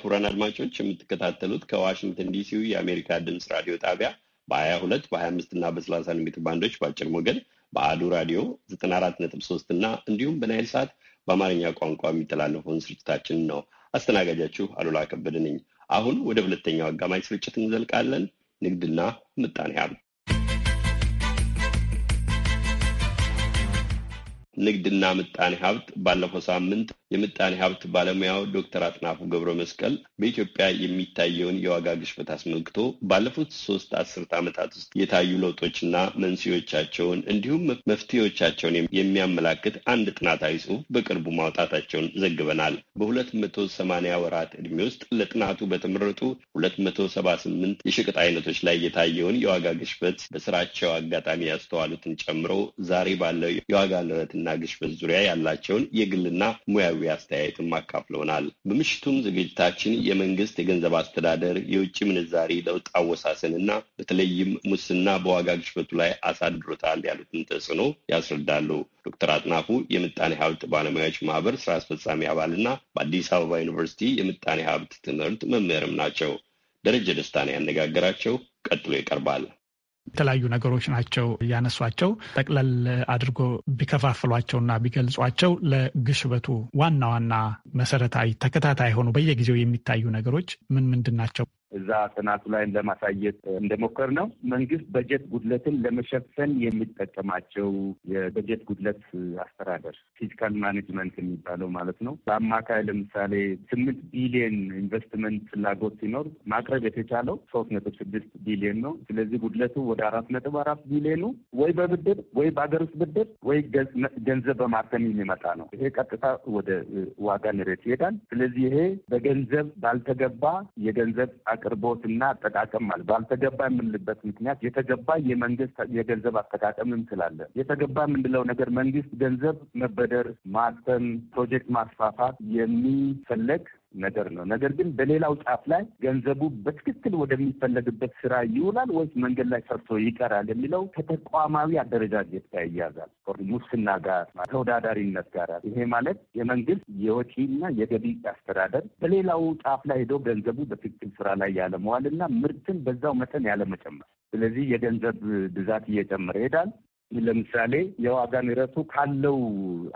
ክቡራን አድማጮች የምትከታተሉት ከዋሽንግተን ዲሲው የአሜሪካ ድምፅ ራዲዮ ጣቢያ በ22 በ25 እና በ30 ሜትር ባንዶች በአጭር ሞገድ በአዱ ራዲዮ 94.3 እና እንዲሁም በናይል ሰዓት በአማርኛ ቋንቋ የሚተላለፈውን ስርጭታችን ነው። አስተናጋጃችሁ አሉላ ከበደ ነኝ። አሁን ወደ ሁለተኛው አጋማሽ ስርጭት እንዘልቃለን። ንግድና ምጣኔ ሀብት ንግድና ምጣኔ ሀብት ባለፈው ሳምንት የምጣኔ ሀብት ባለሙያው ዶክተር አጥናፉ ገብረ መስቀል በኢትዮጵያ የሚታየውን የዋጋ ግሽበት አስመልክቶ ባለፉት ሶስት አስርት ዓመታት ውስጥ የታዩ ለውጦችና መንስኤዎቻቸውን እንዲሁም መፍትሄዎቻቸውን የሚያመላክት አንድ ጥናታዊ ጽሑፍ በቅርቡ ማውጣታቸውን ዘግበናል። በሁለት መቶ 8 ወራት ዕድሜ ውስጥ ለጥናቱ በተመረጡ ሁለት መቶ ሰባ ስምንት የሸቀጥ አይነቶች ላይ የታየውን የዋጋ ግሽበት በስራቸው አጋጣሚ ያስተዋሉትን ጨምሮ ዛሬ ባለው የዋጋ ንረትና ግሽበት ዙሪያ ያላቸውን የግልና ሙያዊ ሙያዊ አስተያየትም አካፍለውናል። በምሽቱም ዝግጅታችን የመንግስት የገንዘብ አስተዳደር የውጭ ምንዛሪ ለውጥ አወሳሰንና በተለይም ሙስና በዋጋ ግሽበቱ ላይ አሳድሮታል ያሉትን ተጽዕኖ ያስረዳሉ። ዶክተር አጥናፉ የምጣኔ ሀብት ባለሙያዎች ማህበር ስራ አስፈጻሚ አባልና በአዲስ አበባ ዩኒቨርሲቲ የምጣኔ ሀብት ትምህርት መምህርም ናቸው። ደረጀ ደስታ ነው ያነጋገራቸው። ቀጥሎ ይቀርባል። የተለያዩ ነገሮች ናቸው ያነሷቸው። ጠቅለል አድርጎ ቢከፋፍሏቸውና ቢገልጿቸው ለግሽበቱ ዋና ዋና መሰረታዊ ተከታታይ የሆኑ በየጊዜው የሚታዩ ነገሮች ምን ምንድን ናቸው? እዛ ጥናቱ ላይ ለማሳየት እንደሞከር ነው መንግስት በጀት ጉድለትን ለመሸፈን የሚጠቀማቸው የበጀት ጉድለት አስተዳደር ፊዚካል ማኔጅመንት የሚባለው ማለት ነው። በአማካይ ለምሳሌ ስምንት ቢሊየን ኢንቨስትመንት ፍላጎት ሲኖር ማቅረብ የተቻለው ሶስት ነጥብ ስድስት ቢሊየን ነው። ስለዚህ ጉድለቱ ወደ አራት ነጥብ አራት ቢሊየኑ ወይ በብድር ወይ በሀገር ውስጥ ብድር ወይ ገንዘብ በማተም የሚመጣ ነው። ይሄ ቀጥታ ወደ ዋጋ ንረት ይሄዳል። ስለዚህ ይሄ በገንዘብ ባልተገባ የገንዘብ አቅርቦትና አጠቃቀም አለ። ባልተገባ የምንልበት ምክንያት የተገባ የመንግስት የገንዘብ አጠቃቀም ስላለ የተገባ የምንለው ነገር መንግስት ገንዘብ መበደር፣ ማተም፣ ፕሮጀክት ማስፋፋት የሚፈለግ ነገር ነው። ነገር ግን በሌላው ጫፍ ላይ ገንዘቡ በትክክል ወደሚፈለግበት ስራ ይውላል ወይስ መንገድ ላይ ሰርቶ ይቀራል የሚለው ከተቋማዊ አደረጃጀት ጋር ይያዛል። ሙስና ጋር፣ ተወዳዳሪነት ጋር። ይሄ ማለት የመንግስት የወጪና የገቢ አስተዳደር በሌላው ጫፍ ላይ ሄዶ ገንዘቡ በትክክል ስራ ላይ ያለመዋልና ምርትን በዛው መጠን ያለመጨመር። ስለዚህ የገንዘብ ብዛት እየጨመረ ይሄዳል። ለምሳሌ የዋጋ ንረቱ ካለው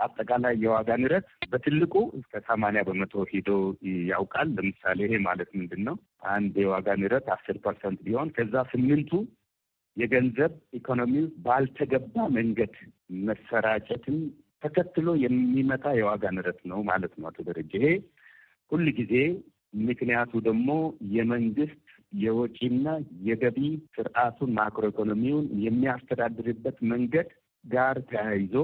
አጠቃላይ የዋጋ ንረት በትልቁ እስከ ሰማንያ በመቶ ሂዶ ያውቃል። ለምሳሌ ይሄ ማለት ምንድን ነው? አንድ የዋጋ ንረት አስር ፐርሰንት ቢሆን ከዛ ስምንቱ የገንዘብ ኢኮኖሚው ባልተገባ መንገድ መሰራጨትን ተከትሎ የሚመጣ የዋጋ ንረት ነው ማለት ነው። አቶ ደረጀ ይሄ ሁል ጊዜ ምክንያቱ ደግሞ የመንግስት የወጪና የገቢ ስርዓቱን ማክሮ ኢኮኖሚውን የሚያስተዳድርበት መንገድ ጋር ተያይዞ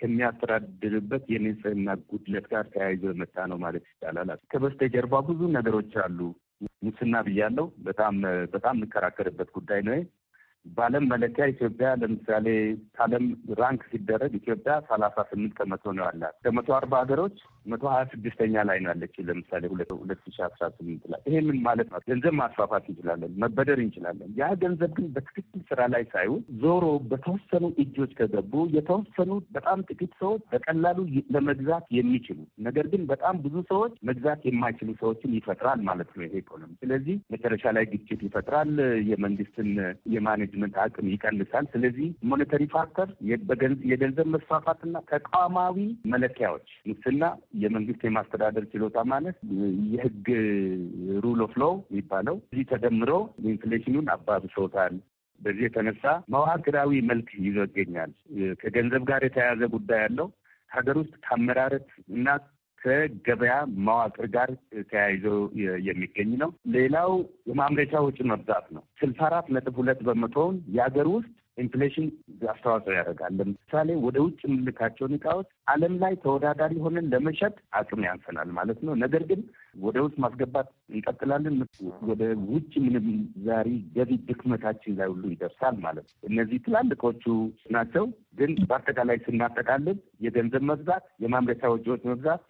ከሚያስተዳድርበት የንጽህና ጉድለት ጋር ተያይዞ የመጣ ነው ማለት ይቻላል። ከበስተጀርባ ብዙ ነገሮች አሉ። ሙስና ብያለው፣ በጣም በጣም የምከራከርበት ጉዳይ ነው። በዓለም መለኪያ ኢትዮጵያ ለምሳሌ ከዓለም ራንክ ሲደረግ ኢትዮጵያ ሰላሳ ስምንት ከመቶ ነው ያላት ከመቶ አርባ ሀገሮች መቶ ሀያ ስድስተኛ ላይ ነው ያለችው። ለምሳሌ ሁለት ሺ አስራ ስምንት ላይ ይሄ ምን ማለት ነው? ገንዘብ ማስፋፋት እንችላለን፣ መበደር እንችላለን። ያ ገንዘብ ግን በትክክል ስራ ላይ ሳይሆን ዞሮ በተወሰኑ እጆች ከገቡ የተወሰኑ በጣም ጥቂት ሰዎች በቀላሉ ለመግዛት የሚችሉ ነገር ግን በጣም ብዙ ሰዎች መግዛት የማይችሉ ሰዎችን ይፈጥራል ማለት ነው ይሄ ኢኮኖሚ። ስለዚህ መጨረሻ ላይ ግጭት ይፈጥራል፣ የመንግስትን የማኔጅመንት አቅም ይቀንሳል። ስለዚህ ሞኔተሪ ፋክተር የገንዘብ መስፋፋትና ተቋማዊ መለኪያዎች ሙስና የመንግስት የማስተዳደር ችሎታ ማለት የህግ ሩል ኦፍ ሎው የሚባለው እዚህ ተደምሮ ኢንፍሌሽኑን አባብሶታል። በዚህ የተነሳ መዋቅራዊ መልክ ይዞ ይገኛል። ከገንዘብ ጋር የተያያዘ ጉዳይ ያለው ሀገር ውስጥ ከአመራረት እና ከገበያ መዋቅር ጋር ተያይዞ የሚገኝ ነው። ሌላው የማምረቻ ወጪ መብዛት ነው። ስልሳ አራት ነጥብ ሁለት በመቶውን የሀገር ውስጥ ኢንፍሌሽን አስተዋጽኦ ያደርጋል። ለምሳሌ ወደ ውጭ የምንልካቸውን እቃዎች ዓለም ላይ ተወዳዳሪ ሆነን ለመሸጥ አቅም ያንሰናል ማለት ነው። ነገር ግን ወደ ውስጥ ማስገባት እንቀጥላለን። ወደ ውጭ ምንዛሪ ገቢ ድክመታችን ላይ ሁሉ ይደርሳል ማለት ነው። እነዚህ ትላልቆቹ ናቸው። ግን በአጠቃላይ ስናጠቃልን የገንዘብ መብዛት፣ የማምረቻ ወጪዎች መብዛት፣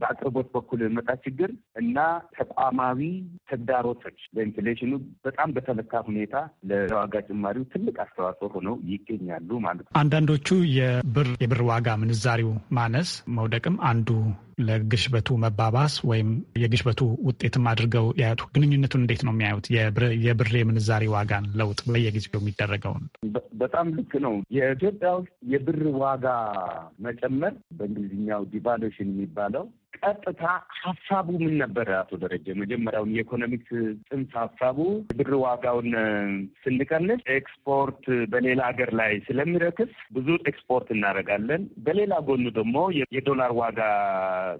በአቅርቦት በኩል የመጣ ችግር እና ተቋማዊ ተግዳሮቶች ለኢንፍሌሽኑ በጣም በተለካ ሁኔታ ለዋጋ ጭማሪው ትልቅ አስተዋጽኦ ሆነው ይገኛሉ ማለት ነው። አንዳንዶቹ የብር የብር ዋጋ ምንዛሪው ማነስ መውደቅም አንዱ ለግሽበቱ መባባስ ወይም የግሽበቱ ውጤትም አድርገው ያያቱ ግንኙነቱን እንዴት ነው የሚያዩት? የብር የምንዛሬ ዋጋን ለውጥ በየጊዜው የሚደረገውን። በጣም ልክ ነው። የኢትዮጵያ ውስጥ የብር ዋጋ መጨመር በእንግሊዝኛው ዲቫሉሽን የሚባለው ቀጥታ ሀሳቡ ምን ነበረ? አቶ ደረጀ መጀመሪያውን የኢኮኖሚክስ ጽንሰ ሀሳቡ ብር ዋጋውን ስንቀንስ ኤክስፖርት በሌላ ሀገር ላይ ስለሚረክስ ብዙ ኤክስፖርት እናደርጋለን። በሌላ ጎኑ ደግሞ የዶላር ዋጋ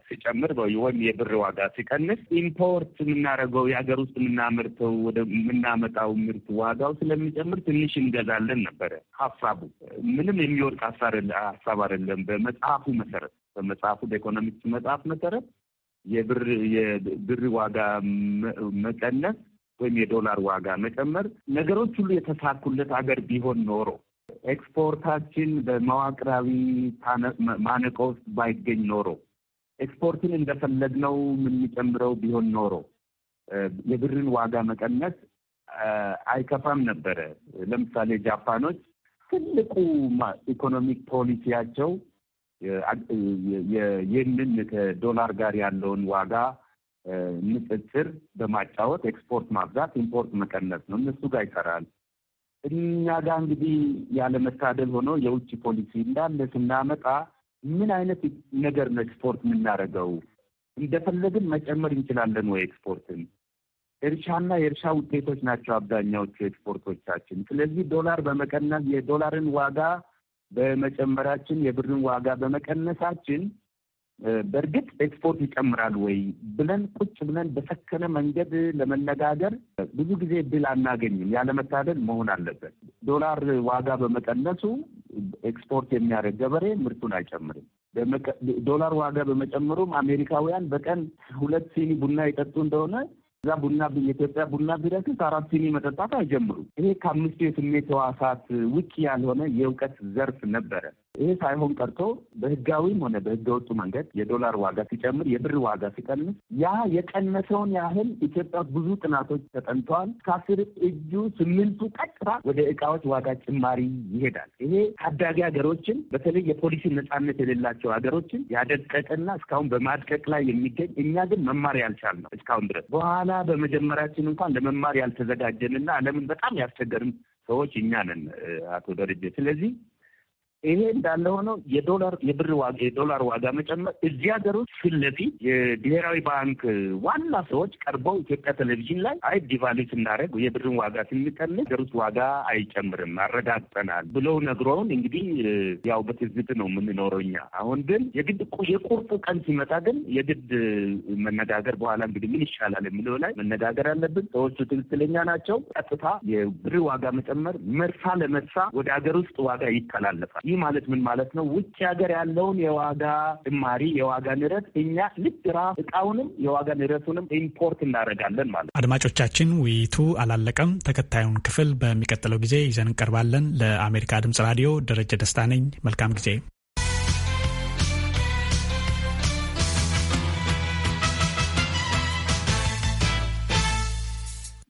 ሲጨምር ወይም የብር ዋጋ ሲቀንስ ኢምፖርት የምናደርገው የሀገር ውስጥ የምናመርተው ወደ የምናመጣው ምርት ዋጋው ስለሚጨምር ትንሽ እንገዛለን ነበረ ሀሳቡ። ምንም የሚወድቅ ሀሳብ አይደለም በመጽሐፉ መሰረት በመጽሐፉ በኢኮኖሚክስ መጽሐፍ መሰረት የብር ዋጋ መቀነስ ወይም የዶላር ዋጋ መጨመር ነገሮች ሁሉ የተሳኩለት ሀገር ቢሆን ኖሮ ኤክስፖርታችን በመዋቅራዊ ማነቆ ውስጥ ባይገኝ ኖሮ ኤክስፖርትን እንደፈለግነው የምንጨምረው ቢሆን ኖሮ የብርን ዋጋ መቀነስ አይከፋም ነበረ። ለምሳሌ ጃፓኖች ትልቁ ኢኮኖሚክ ፖሊሲያቸው ይህንን ከዶላር ጋር ያለውን ዋጋ ንጽጽር በማጫወት ኤክስፖርት ማብዛት፣ ኢምፖርት መቀነስ ነው። እነሱ ጋር ይሰራል። እኛ ጋር እንግዲህ ያለመታደል ሆኖ የውጭ ፖሊሲ እንዳለ ስናመጣ ምን አይነት ነገር ነው ኤክስፖርት የምናደርገው? እንደፈለግን መጨመር እንችላለን ወይ? ኤክስፖርትን እርሻና የእርሻ ውጤቶች ናቸው አብዛኛዎቹ ኤክስፖርቶቻችን። ስለዚህ ዶላር በመቀነስ የዶላርን ዋጋ በመጨመራችን የብርን ዋጋ በመቀነሳችን በእርግጥ ኤክስፖርት ይጨምራል ወይ ብለን ቁጭ ብለን በሰከነ መንገድ ለመነጋገር ብዙ ጊዜ ድል አናገኝም። ያለመታደል መሆን አለበት። ዶላር ዋጋ በመቀነሱ ኤክስፖርት የሚያደርግ ገበሬ ምርቱን አይጨምርም። ዶላር ዋጋ በመጨመሩም አሜሪካውያን በቀን ሁለት ሲኒ ቡና የጠጡ እንደሆነ እዛ ቡና የኢትዮጵያ ቡና ቢረክስ አራት ሲኒ መጠጣት አይጀምሩም። ይሄ ከአምስቱ የስሜት ህዋሳት ውጭ ያልሆነ የእውቀት ዘርፍ ነበረ። ይሄ ሳይሆን ቀርቶ በህጋዊም ሆነ በህገ ወጡ መንገድ የዶላር ዋጋ ሲጨምር፣ የብር ዋጋ ሲቀንስ ያ የቀነሰውን ያህል ኢትዮጵያ ብዙ ጥናቶች ተጠንተዋል። ከአስር እጁ ስምንቱ ቀጥታ ወደ እቃዎች ዋጋ ጭማሪ ይሄዳል። ይሄ ታዳጊ ሀገሮችን በተለይ የፖሊሲ ነጻነት የሌላቸው ሀገሮችን ያደቀቀና እስካሁን በማድቀቅ ላይ የሚገኝ እኛ ግን መማር ነው እስካሁን ድረስ በኋላ በመጀመሪያችን እንኳን ለመማር ያልተዘጋጀንና ዓለምን በጣም ያስቸገርን ሰዎች እኛ ነን አቶ ደረጀ። ስለዚህ ይሄ እንዳለ ሆኖ የዶላር የብር ዋጋ የዶላር ዋጋ መጨመር እዚህ ሀገር ውስጥ ፊት ለፊት የብሔራዊ ባንክ ዋና ሰዎች ቀርበው ኢትዮጵያ ቴሌቪዥን ላይ አይ ዲቫሉ ስናደርግ የብርን ዋጋ ስንቀንስ ሀገር ውስጥ ዋጋ አይጨምርም አረጋግጠናል ብለው ነግሮውን እንግዲህ ያው በትዝት ነው የምንኖረው እኛ። አሁን ግን የግድ የቁርጡ ቀን ሲመጣ ግን የግድ መነጋገር በኋላ እንግዲህ ምን ይሻላል የሚለው ላይ መነጋገር አለብን። ሰዎቹ ትክክለኛ ናቸው። ቀጥታ የብር ዋጋ መጨመር መርሳ ለመርሳ ወደ ሀገር ውስጥ ዋጋ ይተላለፋል። ይህ ማለት ምን ማለት ነው? ውጭ ሀገር ያለውን የዋጋ ጭማሪ የዋጋ ንረት እኛ ልክ ራ እቃውንም የዋጋ ንረቱንም ኢምፖርት እናደርጋለን ማለት አድማጮቻችን፣ ውይይቱ አላለቀም። ተከታዩን ክፍል በሚቀጥለው ጊዜ ይዘን እንቀርባለን። ለአሜሪካ ድምጽ ራዲዮ ደረጀ ደስታ ነኝ። መልካም ጊዜ።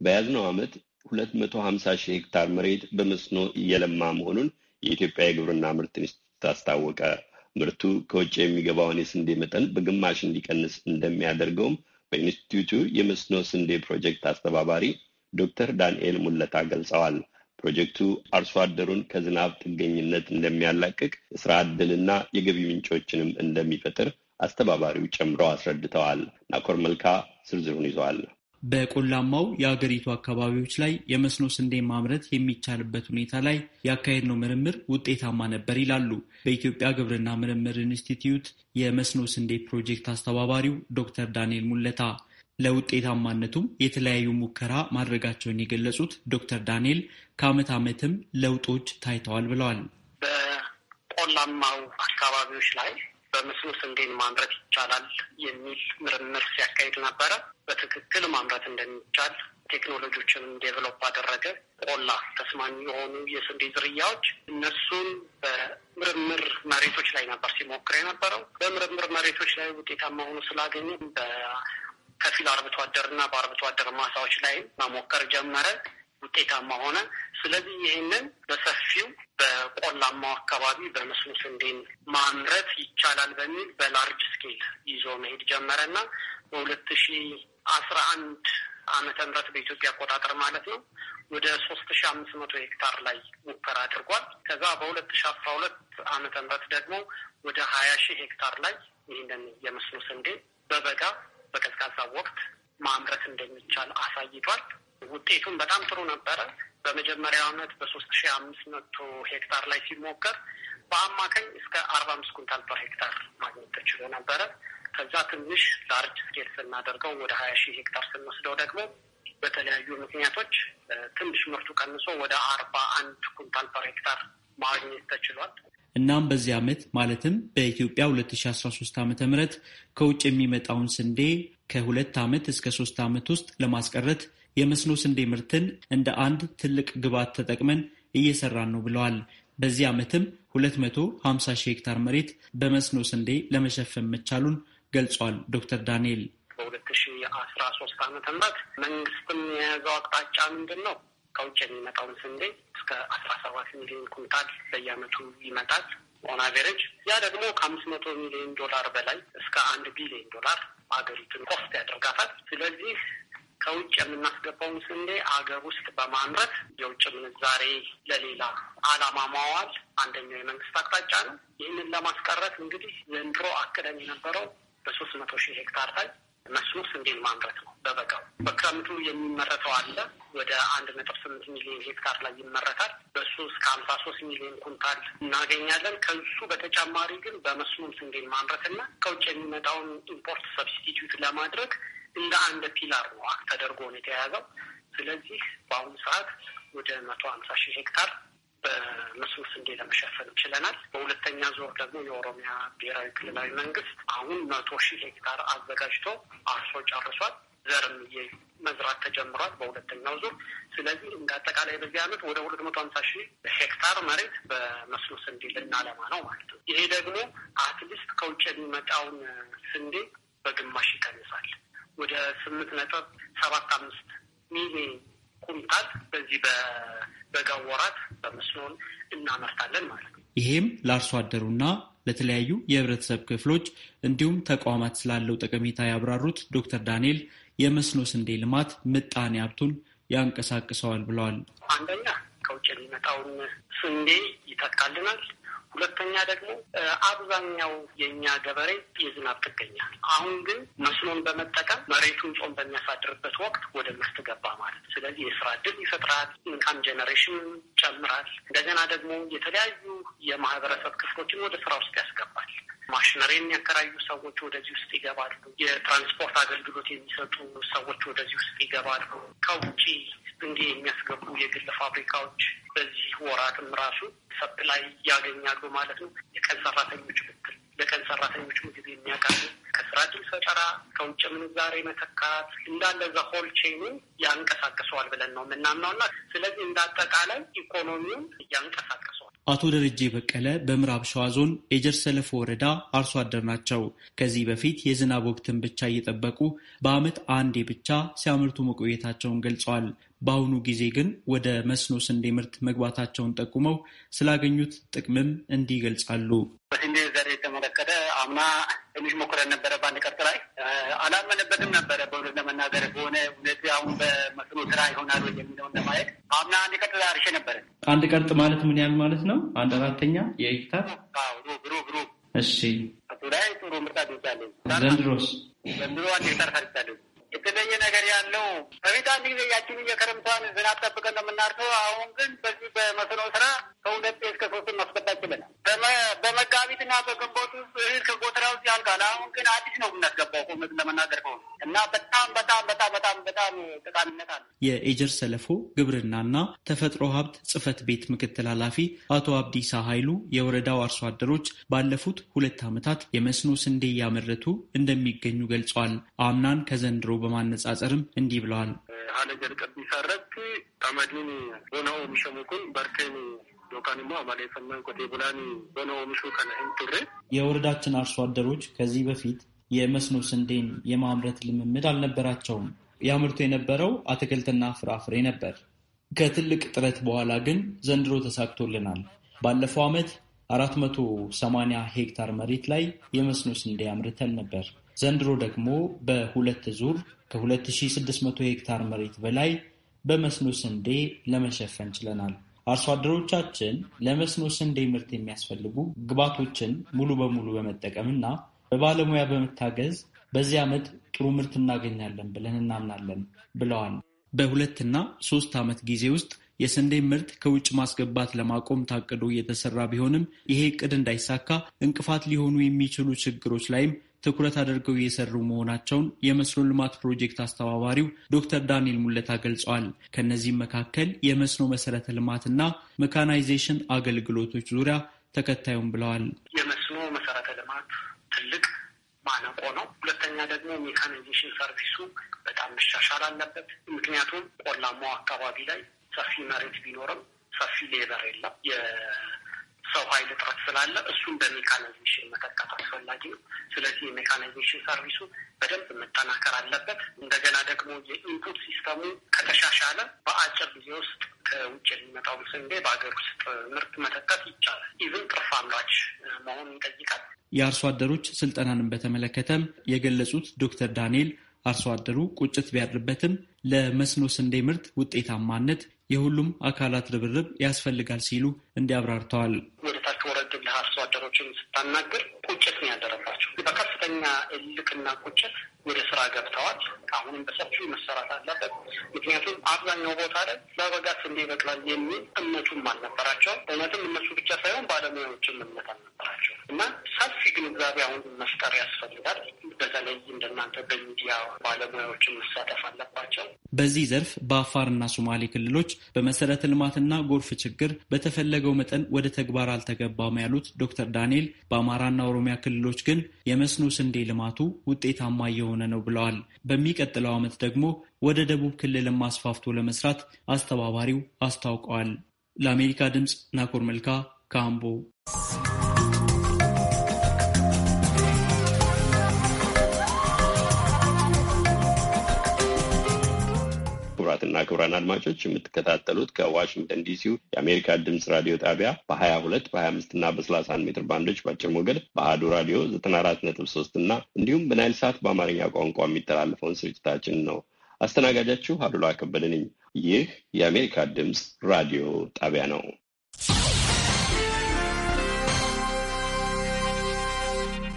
በያዝነው ዓመት 250 ሺህ ሄክታር መሬት በመስኖ እየለማ መሆኑን የኢትዮጵያ የግብርና ምርት ኢንስቲትዩት አስታወቀ። ምርቱ ከውጭ የሚገባውን የስንዴ መጠን በግማሽ እንዲቀንስ እንደሚያደርገውም በኢንስቲትዩቱ የመስኖ ስንዴ ፕሮጀክት አስተባባሪ ዶክተር ዳንኤል ሙለታ ገልጸዋል። ፕሮጀክቱ አርሶ አደሩን ከዝናብ ጥገኝነት እንደሚያላቅቅ፣ የስራ ዕድልና የገቢ ምንጮችንም እንደሚፈጥር አስተባባሪው ጨምረው አስረድተዋል። ናኮር መልካ ዝርዝሩን ይዘዋል። በቆላማው የአገሪቱ አካባቢዎች ላይ የመስኖ ስንዴ ማምረት የሚቻልበት ሁኔታ ላይ ያካሄድነው ምርምር ውጤታማ ነበር ይላሉ በኢትዮጵያ ግብርና ምርምር ኢንስቲትዩት የመስኖ ስንዴ ፕሮጀክት አስተባባሪው ዶክተር ዳንኤል ሙለታ። ለውጤታማነቱም የተለያዩ ሙከራ ማድረጋቸውን የገለጹት ዶክተር ዳንኤል ከዓመት ዓመትም ለውጦች ታይተዋል ብለዋል። በቆላማው አካባቢዎች ላይ በምስሉ ስንዴን ማምረት ይቻላል የሚል ምርምር ሲያካሂድ ነበረ። በትክክል ማምረት እንደሚቻል ቴክኖሎጂዎችንም ዴቨሎፕ አደረገ። ቆላ ተስማሚ የሆኑ የስንዴ ዝርያዎች እነሱን በምርምር መሬቶች ላይ ነበር ሲሞክር የነበረው። በምርምር መሬቶች ላይ ውጤታማ መሆኑ ስላገኘ በከፊል አርብቶ አደርና በአርብቶ አደር ማሳዎች ላይ መሞከር ጀመረ። ውጤታማ ሆነ። ስለዚህ ይህንን በሰፊው በቆላማው አካባቢ በመስኖ ስንዴን ማምረት ይቻላል በሚል በላርጅ ስኬል ይዞ መሄድ ጀመረና በሁለት ሺ አስራ አንድ አመተ ምህረት በኢትዮጵያ አቆጣጠር ማለት ነው ወደ ሶስት ሺ አምስት መቶ ሄክታር ላይ ሙከራ አድርጓል። ከዛ በሁለት ሺ አስራ ሁለት አመተ ምህረት ደግሞ ወደ ሀያ ሺህ ሄክታር ላይ ይህንን የመስኖ ስንዴ በበጋ በቀዝቃዛ ወቅት ማምረት እንደሚቻል አሳይቷል። ውጤቱን በጣም ጥሩ ነበረ። በመጀመሪያው አመት በሶስት ሺ አምስት መቶ ሄክታር ላይ ሲሞከር በአማካኝ እስከ አርባ አምስት ኩንታል ፐር ሄክታር ማግኘት ተችሎ ነበረ። ከዛ ትንሽ ላርጅ ስኬል ስናደርገው ወደ ሀያ ሺህ ሄክታር ስንወስደው ደግሞ በተለያዩ ምክንያቶች ትንሽ ምርቱ ቀንሶ ወደ አርባ አንድ ኩንታል ፐር ሄክታር ማግኘት ተችሏል። እናም በዚህ ዓመት ማለትም በኢትዮጵያ 2013 ዓ ም ከውጭ የሚመጣውን ስንዴ ከሁለት ዓመት እስከ ሶስት ዓመት ውስጥ ለማስቀረት የመስኖ ስንዴ ምርትን እንደ አንድ ትልቅ ግብዓት ተጠቅመን እየሰራን ነው ብለዋል። በዚህ ዓመትም 250 ሺህ ሄክታር መሬት በመስኖ ስንዴ ለመሸፈን መቻሉን ገልጿል። ዶክተር ዳንኤል በሁለት 2013 አስራ ሶስት ምህረት መንግስትም የያዘው አቅጣጫ ምንድን ነው? ከውጭ የሚመጣውን ስንዴ እስከ አስራ ሰባት ሚሊዮን ኩንታል በየአመቱ ይመጣል ኦን አቬሬጅ። ያ ደግሞ ከአምስት መቶ ሚሊዮን ዶላር በላይ እስከ አንድ ቢሊዮን ዶላር ሀገሪቱን ኮስት ያደርጋታል። ስለዚህ ከውጭ የምናስገባውን ስንዴ አገር ውስጥ በማምረት የውጭ ምንዛሬ ለሌላ አላማ ማዋል አንደኛው የመንግስት አቅጣጫ ነው። ይህንን ለማስቀረት እንግዲህ ዘንድሮ አቅደን የነበረው በሶስት መቶ ሺህ ሄክታር ላይ መስኖ ስንዴን ማምረት ነው። በበጋው በክረምቱ የሚመረተው አለ ወደ አንድ ነጥብ ስምንት ሚሊዮን ሄክታር ላይ ይመረታል። በሱ እስከ ሀምሳ ሶስት ሚሊዮን ኩንታል እናገኛለን። ከሱ በተጨማሪ ግን በመስኖም ስንዴን ማምረትና ከውጭ የሚመጣውን ኢምፖርት ሰብስቲቱት ለማድረግ እንደ አንድ ፒላር ተደርጎ ነው የተያያዘው። ስለዚህ በአሁኑ ሰዓት ወደ መቶ ሀምሳ ሺህ ሄክታር በመስኖ ስንዴ ለመሸፈን ችለናል። በሁለተኛ ዙር ደግሞ የኦሮሚያ ብሔራዊ ክልላዊ መንግስት አሁን መቶ ሺህ ሄክታር አዘጋጅቶ አርሶ ጨርሷል። ዘርም መዝራት ተጀምሯል በሁለተኛው ዙር። ስለዚህ እንደ አጠቃላይ በዚህ አመት ወደ ሁለት መቶ ሀምሳ ሺህ ሄክታር መሬት በመስኖ ስንዴ ልናለማ ነው ማለት ነው። ይሄ ደግሞ አትሊስት ከውጭ የሚመጣውን ስንዴ በግማሽ ይቀንሳል። ወደ ስምንት ነጥብ ሰባት አምስት ሚሊዮን ኩንታል በዚህ በበጋው ወራት በመስኖን እናመርታለን ማለት ነው። ይህም ለአርሶ አደሩና ለተለያዩ የህብረተሰብ ክፍሎች እንዲሁም ተቋማት ስላለው ጠቀሜታ ያብራሩት ዶክተር ዳንኤል የመስኖ ስንዴ ልማት ምጣኔ ሀብቱን ያንቀሳቅሰዋል ብለዋል። አንደኛ ከውጭ የሚመጣውን ስንዴ ይተካልናል። ሁለተኛ ደግሞ አብዛኛው የእኛ ገበሬ የዝናብ ጥገኛ ነው። አሁን ግን መስኖን በመጠቀም መሬቱን ጾም በሚያሳድርበት ወቅት ወደ ምርት ገባ ማለት ስለዚህ የስራ እድል ይፈጥራል። ኢንካም ጀነሬሽን ይጨምራል። እንደገና ደግሞ የተለያዩ የማህበረሰብ ክፍሎችን ወደ ስራ ውስጥ ያስገባል። ማሽነሪ የሚያከራዩ ሰዎች ወደዚህ ውስጥ ይገባሉ። የትራንስፖርት አገልግሎት የሚሰጡ ሰዎች ወደዚህ ውስጥ ይገባሉ። ከውጭ ስንዴ የሚያስገቡ የግል ፋብሪካዎች በዚህ ወራትም ራሱ ሰፕላይ ያገኛሉ ማለት ነው። የቀን ሰራተኞች ብትል ለቀን ሰራተኞች ምግብ የሚያቀርቡ ከስራ ዕድል ፈጠራ ከውጭ ምንዛሬ መተካት እንዳለ ዘሆል ቼኑን ያንቀሳቅሰዋል ብለን ነው የምናምነው እና ስለዚህ እንደ ኢኮኖሚውን እያንቀሳቀሰዋል። አቶ ደረጀ በቀለ በምዕራብ ሸዋ ዞን ኤጀር ሰለፎ ወረዳ አርሶ አደር ናቸው። ከዚህ በፊት የዝናብ ወቅትን ብቻ እየጠበቁ በዓመት አንዴ ብቻ ሲያመርቱ መቆየታቸውን ገልጸዋል። በአሁኑ ጊዜ ግን ወደ መስኖ ስንዴ ምርት መግባታቸውን ጠቁመው ስላገኙት ጥቅምም እንዲህ ይገልጻሉ። ስንዴ አምና ትንሽ ሞክረን ነበረ። በአንድ ቀርጥ ላይ አላመነበትም ነበረ። በእውነት ለመናገር ከሆነ እውነት አሁን በመስኖ ስራ ይሆናል የሚለውን ለማየት አምና አንድ ቀርጥ ላይ አርሼ ነበረ። አንድ ቀርጥ ማለት ምን ያህል ማለት ነው? አንድ አራተኛ የሄክታር ሩብ ሩብ። እሺ፣ እሱ ላይ ጥሩ ምርት አግኝቻለሁ። ዘንድሮስ ዘንድሮ አንድ ሄክታር ሰርቻለሁ። የተለየ ነገር ያለው በፊት አንድ ጊዜ ያችን የክረምቷን ዝናብ ጠብቀን ነው የምናርሰው። አሁን ግን በዚህ በመስኖ ስራ ከሁለት እስከ ሶስት ማስቀጣ ችለናል። በመጋቢትና በግንቦት ውስጥ እህል ውስጥ ያልቃል። አሁን ግን አዲስ ነው የምናስገባው ኮነት ለመናገር ከሆነ እና በጣም በጣም በጣም በጣም በጣም ጠቃሚነት አለ። የኤጀር ሰለፎ ግብርናና ተፈጥሮ ሀብት ጽሕፈት ቤት ምክትል ኃላፊ አቶ አብዲሳ ኃይሉ የወረዳው አርሶ አደሮች ባለፉት ሁለት ዓመታት የመስኖ ስንዴ እያመረቱ እንደሚገኙ ገልጸዋል። አምናን ከዘንድሮ በማነጻጸርም እንዲህ ብለዋል። ሀለጀር ቀቢሳ ረብት አመዲን ሆነው የሚሸሙኩን በርቴን የወረዳችን አርሶ አደሮች ከዚህ በፊት የመስኖ ስንዴን የማምረት ልምምድ አልነበራቸውም። ያምርቱ የነበረው አትክልትና ፍራፍሬ ነበር። ከትልቅ ጥረት በኋላ ግን ዘንድሮ ተሳክቶልናል። ባለፈው ዓመት 480 ሄክታር መሬት ላይ የመስኖ ስንዴ አምርተን ነበር። ዘንድሮ ደግሞ በሁለት ዙር ከ2600 ሄክታር መሬት በላይ በመስኖ ስንዴ ለመሸፈን ችለናል። አርሶ አደሮቻችን ለመስኖ ስንዴ ምርት የሚያስፈልጉ ግብዓቶችን ሙሉ በሙሉ በመጠቀምና በባለሙያ በመታገዝ በዚህ ዓመት ጥሩ ምርት እናገኛለን ብለን እናምናለን ብለዋል። በሁለትና ሶስት ዓመት ጊዜ ውስጥ የስንዴ ምርት ከውጭ ማስገባት ለማቆም ታቅዶ እየተሰራ ቢሆንም ይሄ እቅድ እንዳይሳካ እንቅፋት ሊሆኑ የሚችሉ ችግሮች ላይም ትኩረት አድርገው እየሰሩ መሆናቸውን የመስኖ ልማት ፕሮጀክት አስተባባሪው ዶክተር ዳንኤል ሙለታ ገልጸዋል። ከእነዚህም መካከል የመስኖ መሰረተ ልማትና መካናይዜሽን አገልግሎቶች ዙሪያ ተከታዩም ብለዋል። የመስኖ መሰረተ ልማት ትልቅ ማነቆ ነው። ሁለተኛ ደግሞ ሜካናይዜሽን ሰርቪሱ በጣም መሻሻል አለበት። ምክንያቱም ቆላማው አካባቢ ላይ ሰፊ መሬት ቢኖርም ሰፊ ሌበር የለም። ሰው ኃይል እጥረት ስላለ እሱን በሜካናይዜሽን መተካት አስፈላጊ ነው። ስለዚህ የሜካናይዜሽን ሰርቪሱ በደንብ መጠናከር አለበት። እንደገና ደግሞ የኢንፑት ሲስተሙ ከተሻሻለ በአጭር ጊዜ ውስጥ ከውጭ የሚመጣው ስንዴ በሀገር ውስጥ ምርት መተካት ይቻላል። ኢቭን ትርፍ አምራች መሆኑን ይጠይቃል። የአርሶ አደሮች ስልጠናንም በተመለከተም የገለጹት ዶክተር ዳንኤል አርሶ አደሩ ቁጭት ቢያድርበትም ለመስኖ ስንዴ ምርት ውጤታማነት የሁሉም አካላት ርብርብ ያስፈልጋል ሲሉ እንዲያብራርተዋል። ወደታች ወረድ ብለህ አርሶ አደሮችን ስታናግር ቁጭት ነው ያደረባቸው። በከፍተኛ እልክና ቁጭት ወደ ስራ ገብተዋል። አሁንም በሰፊው መሰራት አለበት። ምክንያቱም አብዛኛው ቦታ ላይ ለበጋ ስንዴ ይበቅላል የሚል እምነቱም አልነበራቸውም። እውነትም እነሱ ብቻ ሳይሆን ባለሙያዎችም እምነት አልነበራቸው እና ሰፊ ግንዛቤ አሁን መፍጠር ያስፈልጋል። በተለይ እንደናንተ በሚዲያ ባለሙያዎችን መሳተፍ አለባቸው። በዚህ ዘርፍ በአፋርና ሶማሌ ክልሎች በመሰረተ ልማትና ጎርፍ ችግር በተፈለገው መጠን ወደ ተግባር አልተገባም ያሉት ዶክተር ዳንኤል በአማራና ኦሮሚያ ክልሎች ግን የመስኖ ስንዴ ልማቱ ውጤታማ እየሆነ እየሆነ ነው ብለዋል። በሚቀጥለው ዓመት ደግሞ ወደ ደቡብ ክልል ማስፋፍቶ ለመስራት አስተባባሪው አስታውቀዋል። ለአሜሪካ ድምፅ ናኮር መልካ ካምቦ ክቡራትና ክቡራን አድማጮች የምትከታተሉት ከዋሽንግተን ዲሲው የአሜሪካ ድምፅ ራዲዮ ጣቢያ በ22 በ25 እና በ31 ሜትር ባንዶች በአጭር ሞገድ በአሀዱ ራዲዮ 94.3 እና እንዲሁም በናይል ሰዓት በአማርኛ ቋንቋ የሚተላለፈውን ስርጭታችን ነው። አስተናጋጃችሁ አሉላ ከበደ ነኝ። ይህ የአሜሪካ ድምፅ ራዲዮ ጣቢያ ነው።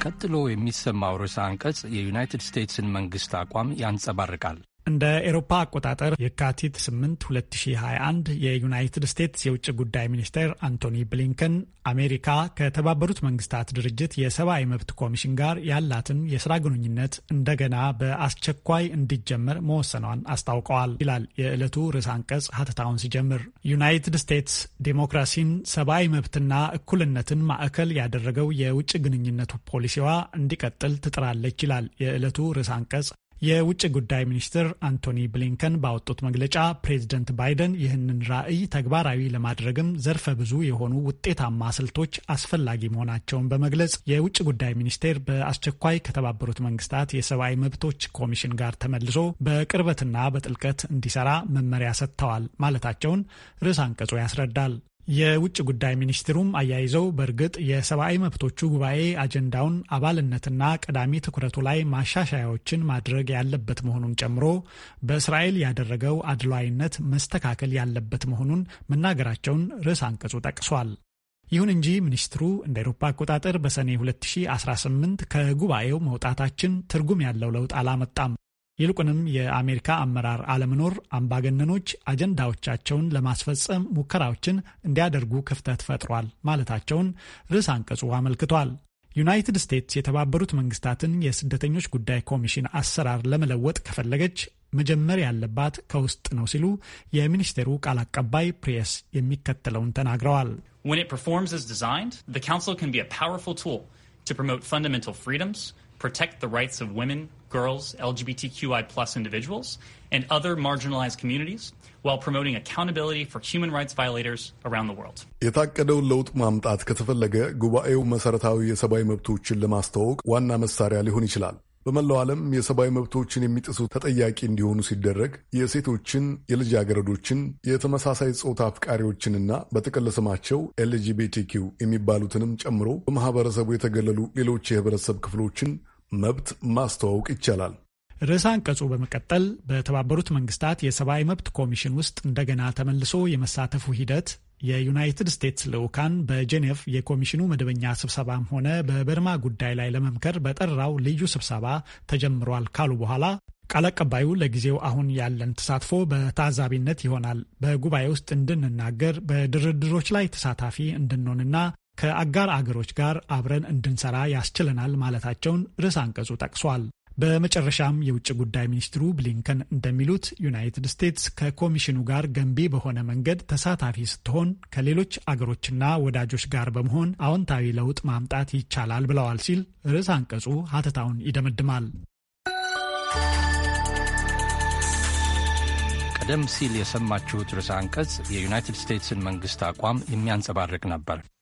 ቀጥሎ የሚሰማው ርዕሰ አንቀጽ የዩናይትድ ስቴትስን መንግስት አቋም ያንጸባርቃል። እንደ ኤሮፓ አቆጣጠር የካቲት 8 2021 የዩናይትድ ስቴትስ የውጭ ጉዳይ ሚኒስቴር አንቶኒ ብሊንከን አሜሪካ ከተባበሩት መንግስታት ድርጅት የሰብአዊ መብት ኮሚሽን ጋር ያላትን የስራ ግንኙነት እንደገና በአስቸኳይ እንዲጀመር መወሰኗን አስታውቀዋል ይላል የዕለቱ ርዕስ አንቀጽ ሀተታውን ሲጀምር። ዩናይትድ ስቴትስ ዴሞክራሲን፣ ሰብአዊ መብትና እኩልነትን ማዕከል ያደረገው የውጭ ግንኙነቱ ፖሊሲዋ እንዲቀጥል ትጥራለች ይላል የዕለቱ ርዕስ አንቀጽ የውጭ ጉዳይ ሚኒስትር አንቶኒ ብሊንከን ባወጡት መግለጫ ፕሬዝደንት ባይደን ይህንን ራዕይ ተግባራዊ ለማድረግም ዘርፈ ብዙ የሆኑ ውጤታማ ስልቶች አስፈላጊ መሆናቸውን በመግለጽ የውጭ ጉዳይ ሚኒስቴር በአስቸኳይ ከተባበሩት መንግስታት የሰብአዊ መብቶች ኮሚሽን ጋር ተመልሶ በቅርበትና በጥልቀት እንዲሰራ መመሪያ ሰጥተዋል ማለታቸውን ርዕስ አንቀጹ ያስረዳል። የውጭ ጉዳይ ሚኒስትሩም አያይዘው በእርግጥ የሰብአዊ መብቶቹ ጉባኤ አጀንዳውን አባልነትና ቀዳሚ ትኩረቱ ላይ ማሻሻያዎችን ማድረግ ያለበት መሆኑን ጨምሮ በእስራኤል ያደረገው አድሏዊነት መስተካከል ያለበት መሆኑን መናገራቸውን ርዕስ አንቀጹ ጠቅሷል። ይሁን እንጂ ሚኒስትሩ እንደ ኤሮፓ አቆጣጠር በሰኔ 2018 ከጉባኤው መውጣታችን ትርጉም ያለው ለውጥ አላመጣም ይልቁንም የአሜሪካ አመራር አለመኖር አምባገነኖች አጀንዳዎቻቸውን ለማስፈጸም ሙከራዎችን እንዲያደርጉ ክፍተት ፈጥሯል ማለታቸውን ርዕስ አንቀጹ አመልክቷል። ዩናይትድ ስቴትስ የተባበሩት መንግስታትን የስደተኞች ጉዳይ ኮሚሽን አሰራር ለመለወጥ ከፈለገች መጀመር ያለባት ከውስጥ ነው ሲሉ የሚኒስቴሩ ቃል አቀባይ ፕሬስ የሚከተለውን ተናግረዋል። ፕሮጀክት girls, LGBTQI plus individuals, and other marginalized communities while promoting accountability for human rights violators around the world. የታቀደውን ለውጥ ማምጣት ከተፈለገ ጉባኤው መሰረታዊ የሰብአዊ መብቶችን ለማስተዋወቅ ዋና መሳሪያ ሊሆን ይችላል። በመላው ዓለም የሰብአዊ መብቶችን የሚጥሱ ተጠያቂ እንዲሆኑ ሲደረግ የሴቶችን፣ የልጃገረዶችን፣ የተመሳሳይ ጾታ አፍቃሪዎችንና በጥቅል ስማቸው ኤልጂቢቲኪው የሚባሉትንም ጨምሮ በማህበረሰቡ የተገለሉ ሌሎች የህብረተሰብ ክፍሎችን መብት ማስተዋወቅ ይቻላል። ርዕሰ አንቀጹ በመቀጠል በተባበሩት መንግስታት የሰብአዊ መብት ኮሚሽን ውስጥ እንደገና ተመልሶ የመሳተፉ ሂደት የዩናይትድ ስቴትስ ልዑካን በጄኔቭ የኮሚሽኑ መደበኛ ስብሰባም ሆነ በበርማ ጉዳይ ላይ ለመምከር በጠራው ልዩ ስብሰባ ተጀምሯል ካሉ በኋላ ቃል አቀባዩ ለጊዜው አሁን ያለን ተሳትፎ በታዛቢነት ይሆናል። በጉባኤ ውስጥ እንድንናገር፣ በድርድሮች ላይ ተሳታፊ እንድንሆንና ከአጋር አገሮች ጋር አብረን እንድንሰራ ያስችለናል ማለታቸውን ርዕስ አንቀጹ ጠቅሷል። በመጨረሻም የውጭ ጉዳይ ሚኒስትሩ ብሊንከን እንደሚሉት ዩናይትድ ስቴትስ ከኮሚሽኑ ጋር ገንቢ በሆነ መንገድ ተሳታፊ ስትሆን ከሌሎች አገሮችና ወዳጆች ጋር በመሆን አዎንታዊ ለውጥ ማምጣት ይቻላል ብለዋል ሲል ርዕስ አንቀጹ ሀተታውን ይደመድማል። ቀደም ሲል የሰማችሁት ርዕስ አንቀጽ የዩናይትድ ስቴትስን መንግስት አቋም የሚያንጸባርቅ ነበር።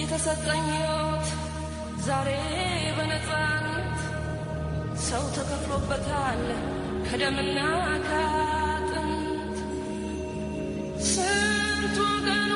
የተሰጠኝ ሕይወት ዛሬ በነፃነት ሰው ተከፍሎበታል ከደምና ከአጥንት ስንቱ ቀኑ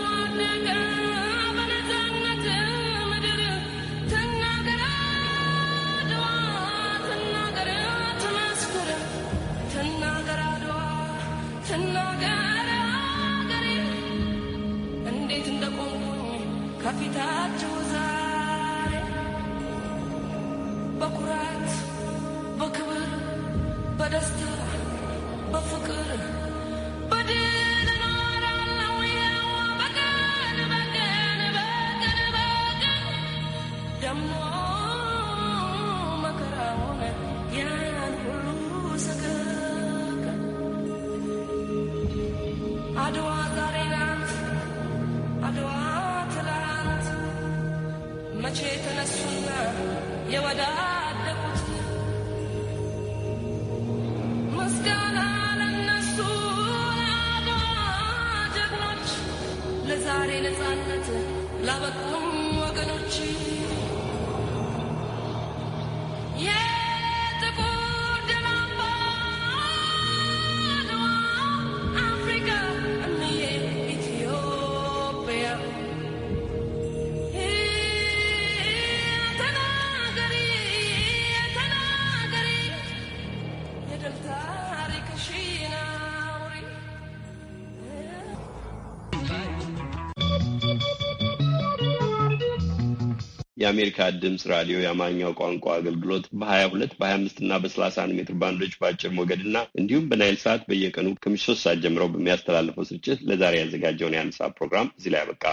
የአሜሪካ ድምፅ ራዲዮ የአማርኛው ቋንቋ አገልግሎት በ22 በ25 እና በ31 ሜትር ባንዶች በአጭር ሞገድ እና እንዲሁም በናይል ሰዓት በየቀኑ ከምሽቱ ሶስት ሰዓት ጀምሮ በሚያስተላልፈው ስርጭት ለዛሬ ያዘጋጀውን የአንድ ሰዓት ፕሮግራም እዚህ ላይ ያበቃ።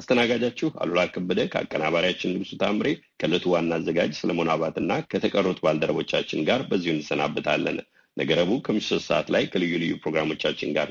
አስተናጋጃችሁ አሉላ ከበደ ከአቀናባሪያችን ንጉሱ ታምሬ ከእለቱ ዋና አዘጋጅ ሰለሞን አባትና ከተቀሩት ባልደረቦቻችን ጋር በዚሁ እንሰናበታለን። ነገ ረቡዕ ከምሽቱ ሶስት ሰዓት ላይ ከልዩ ልዩ ፕሮግራሞቻችን ጋር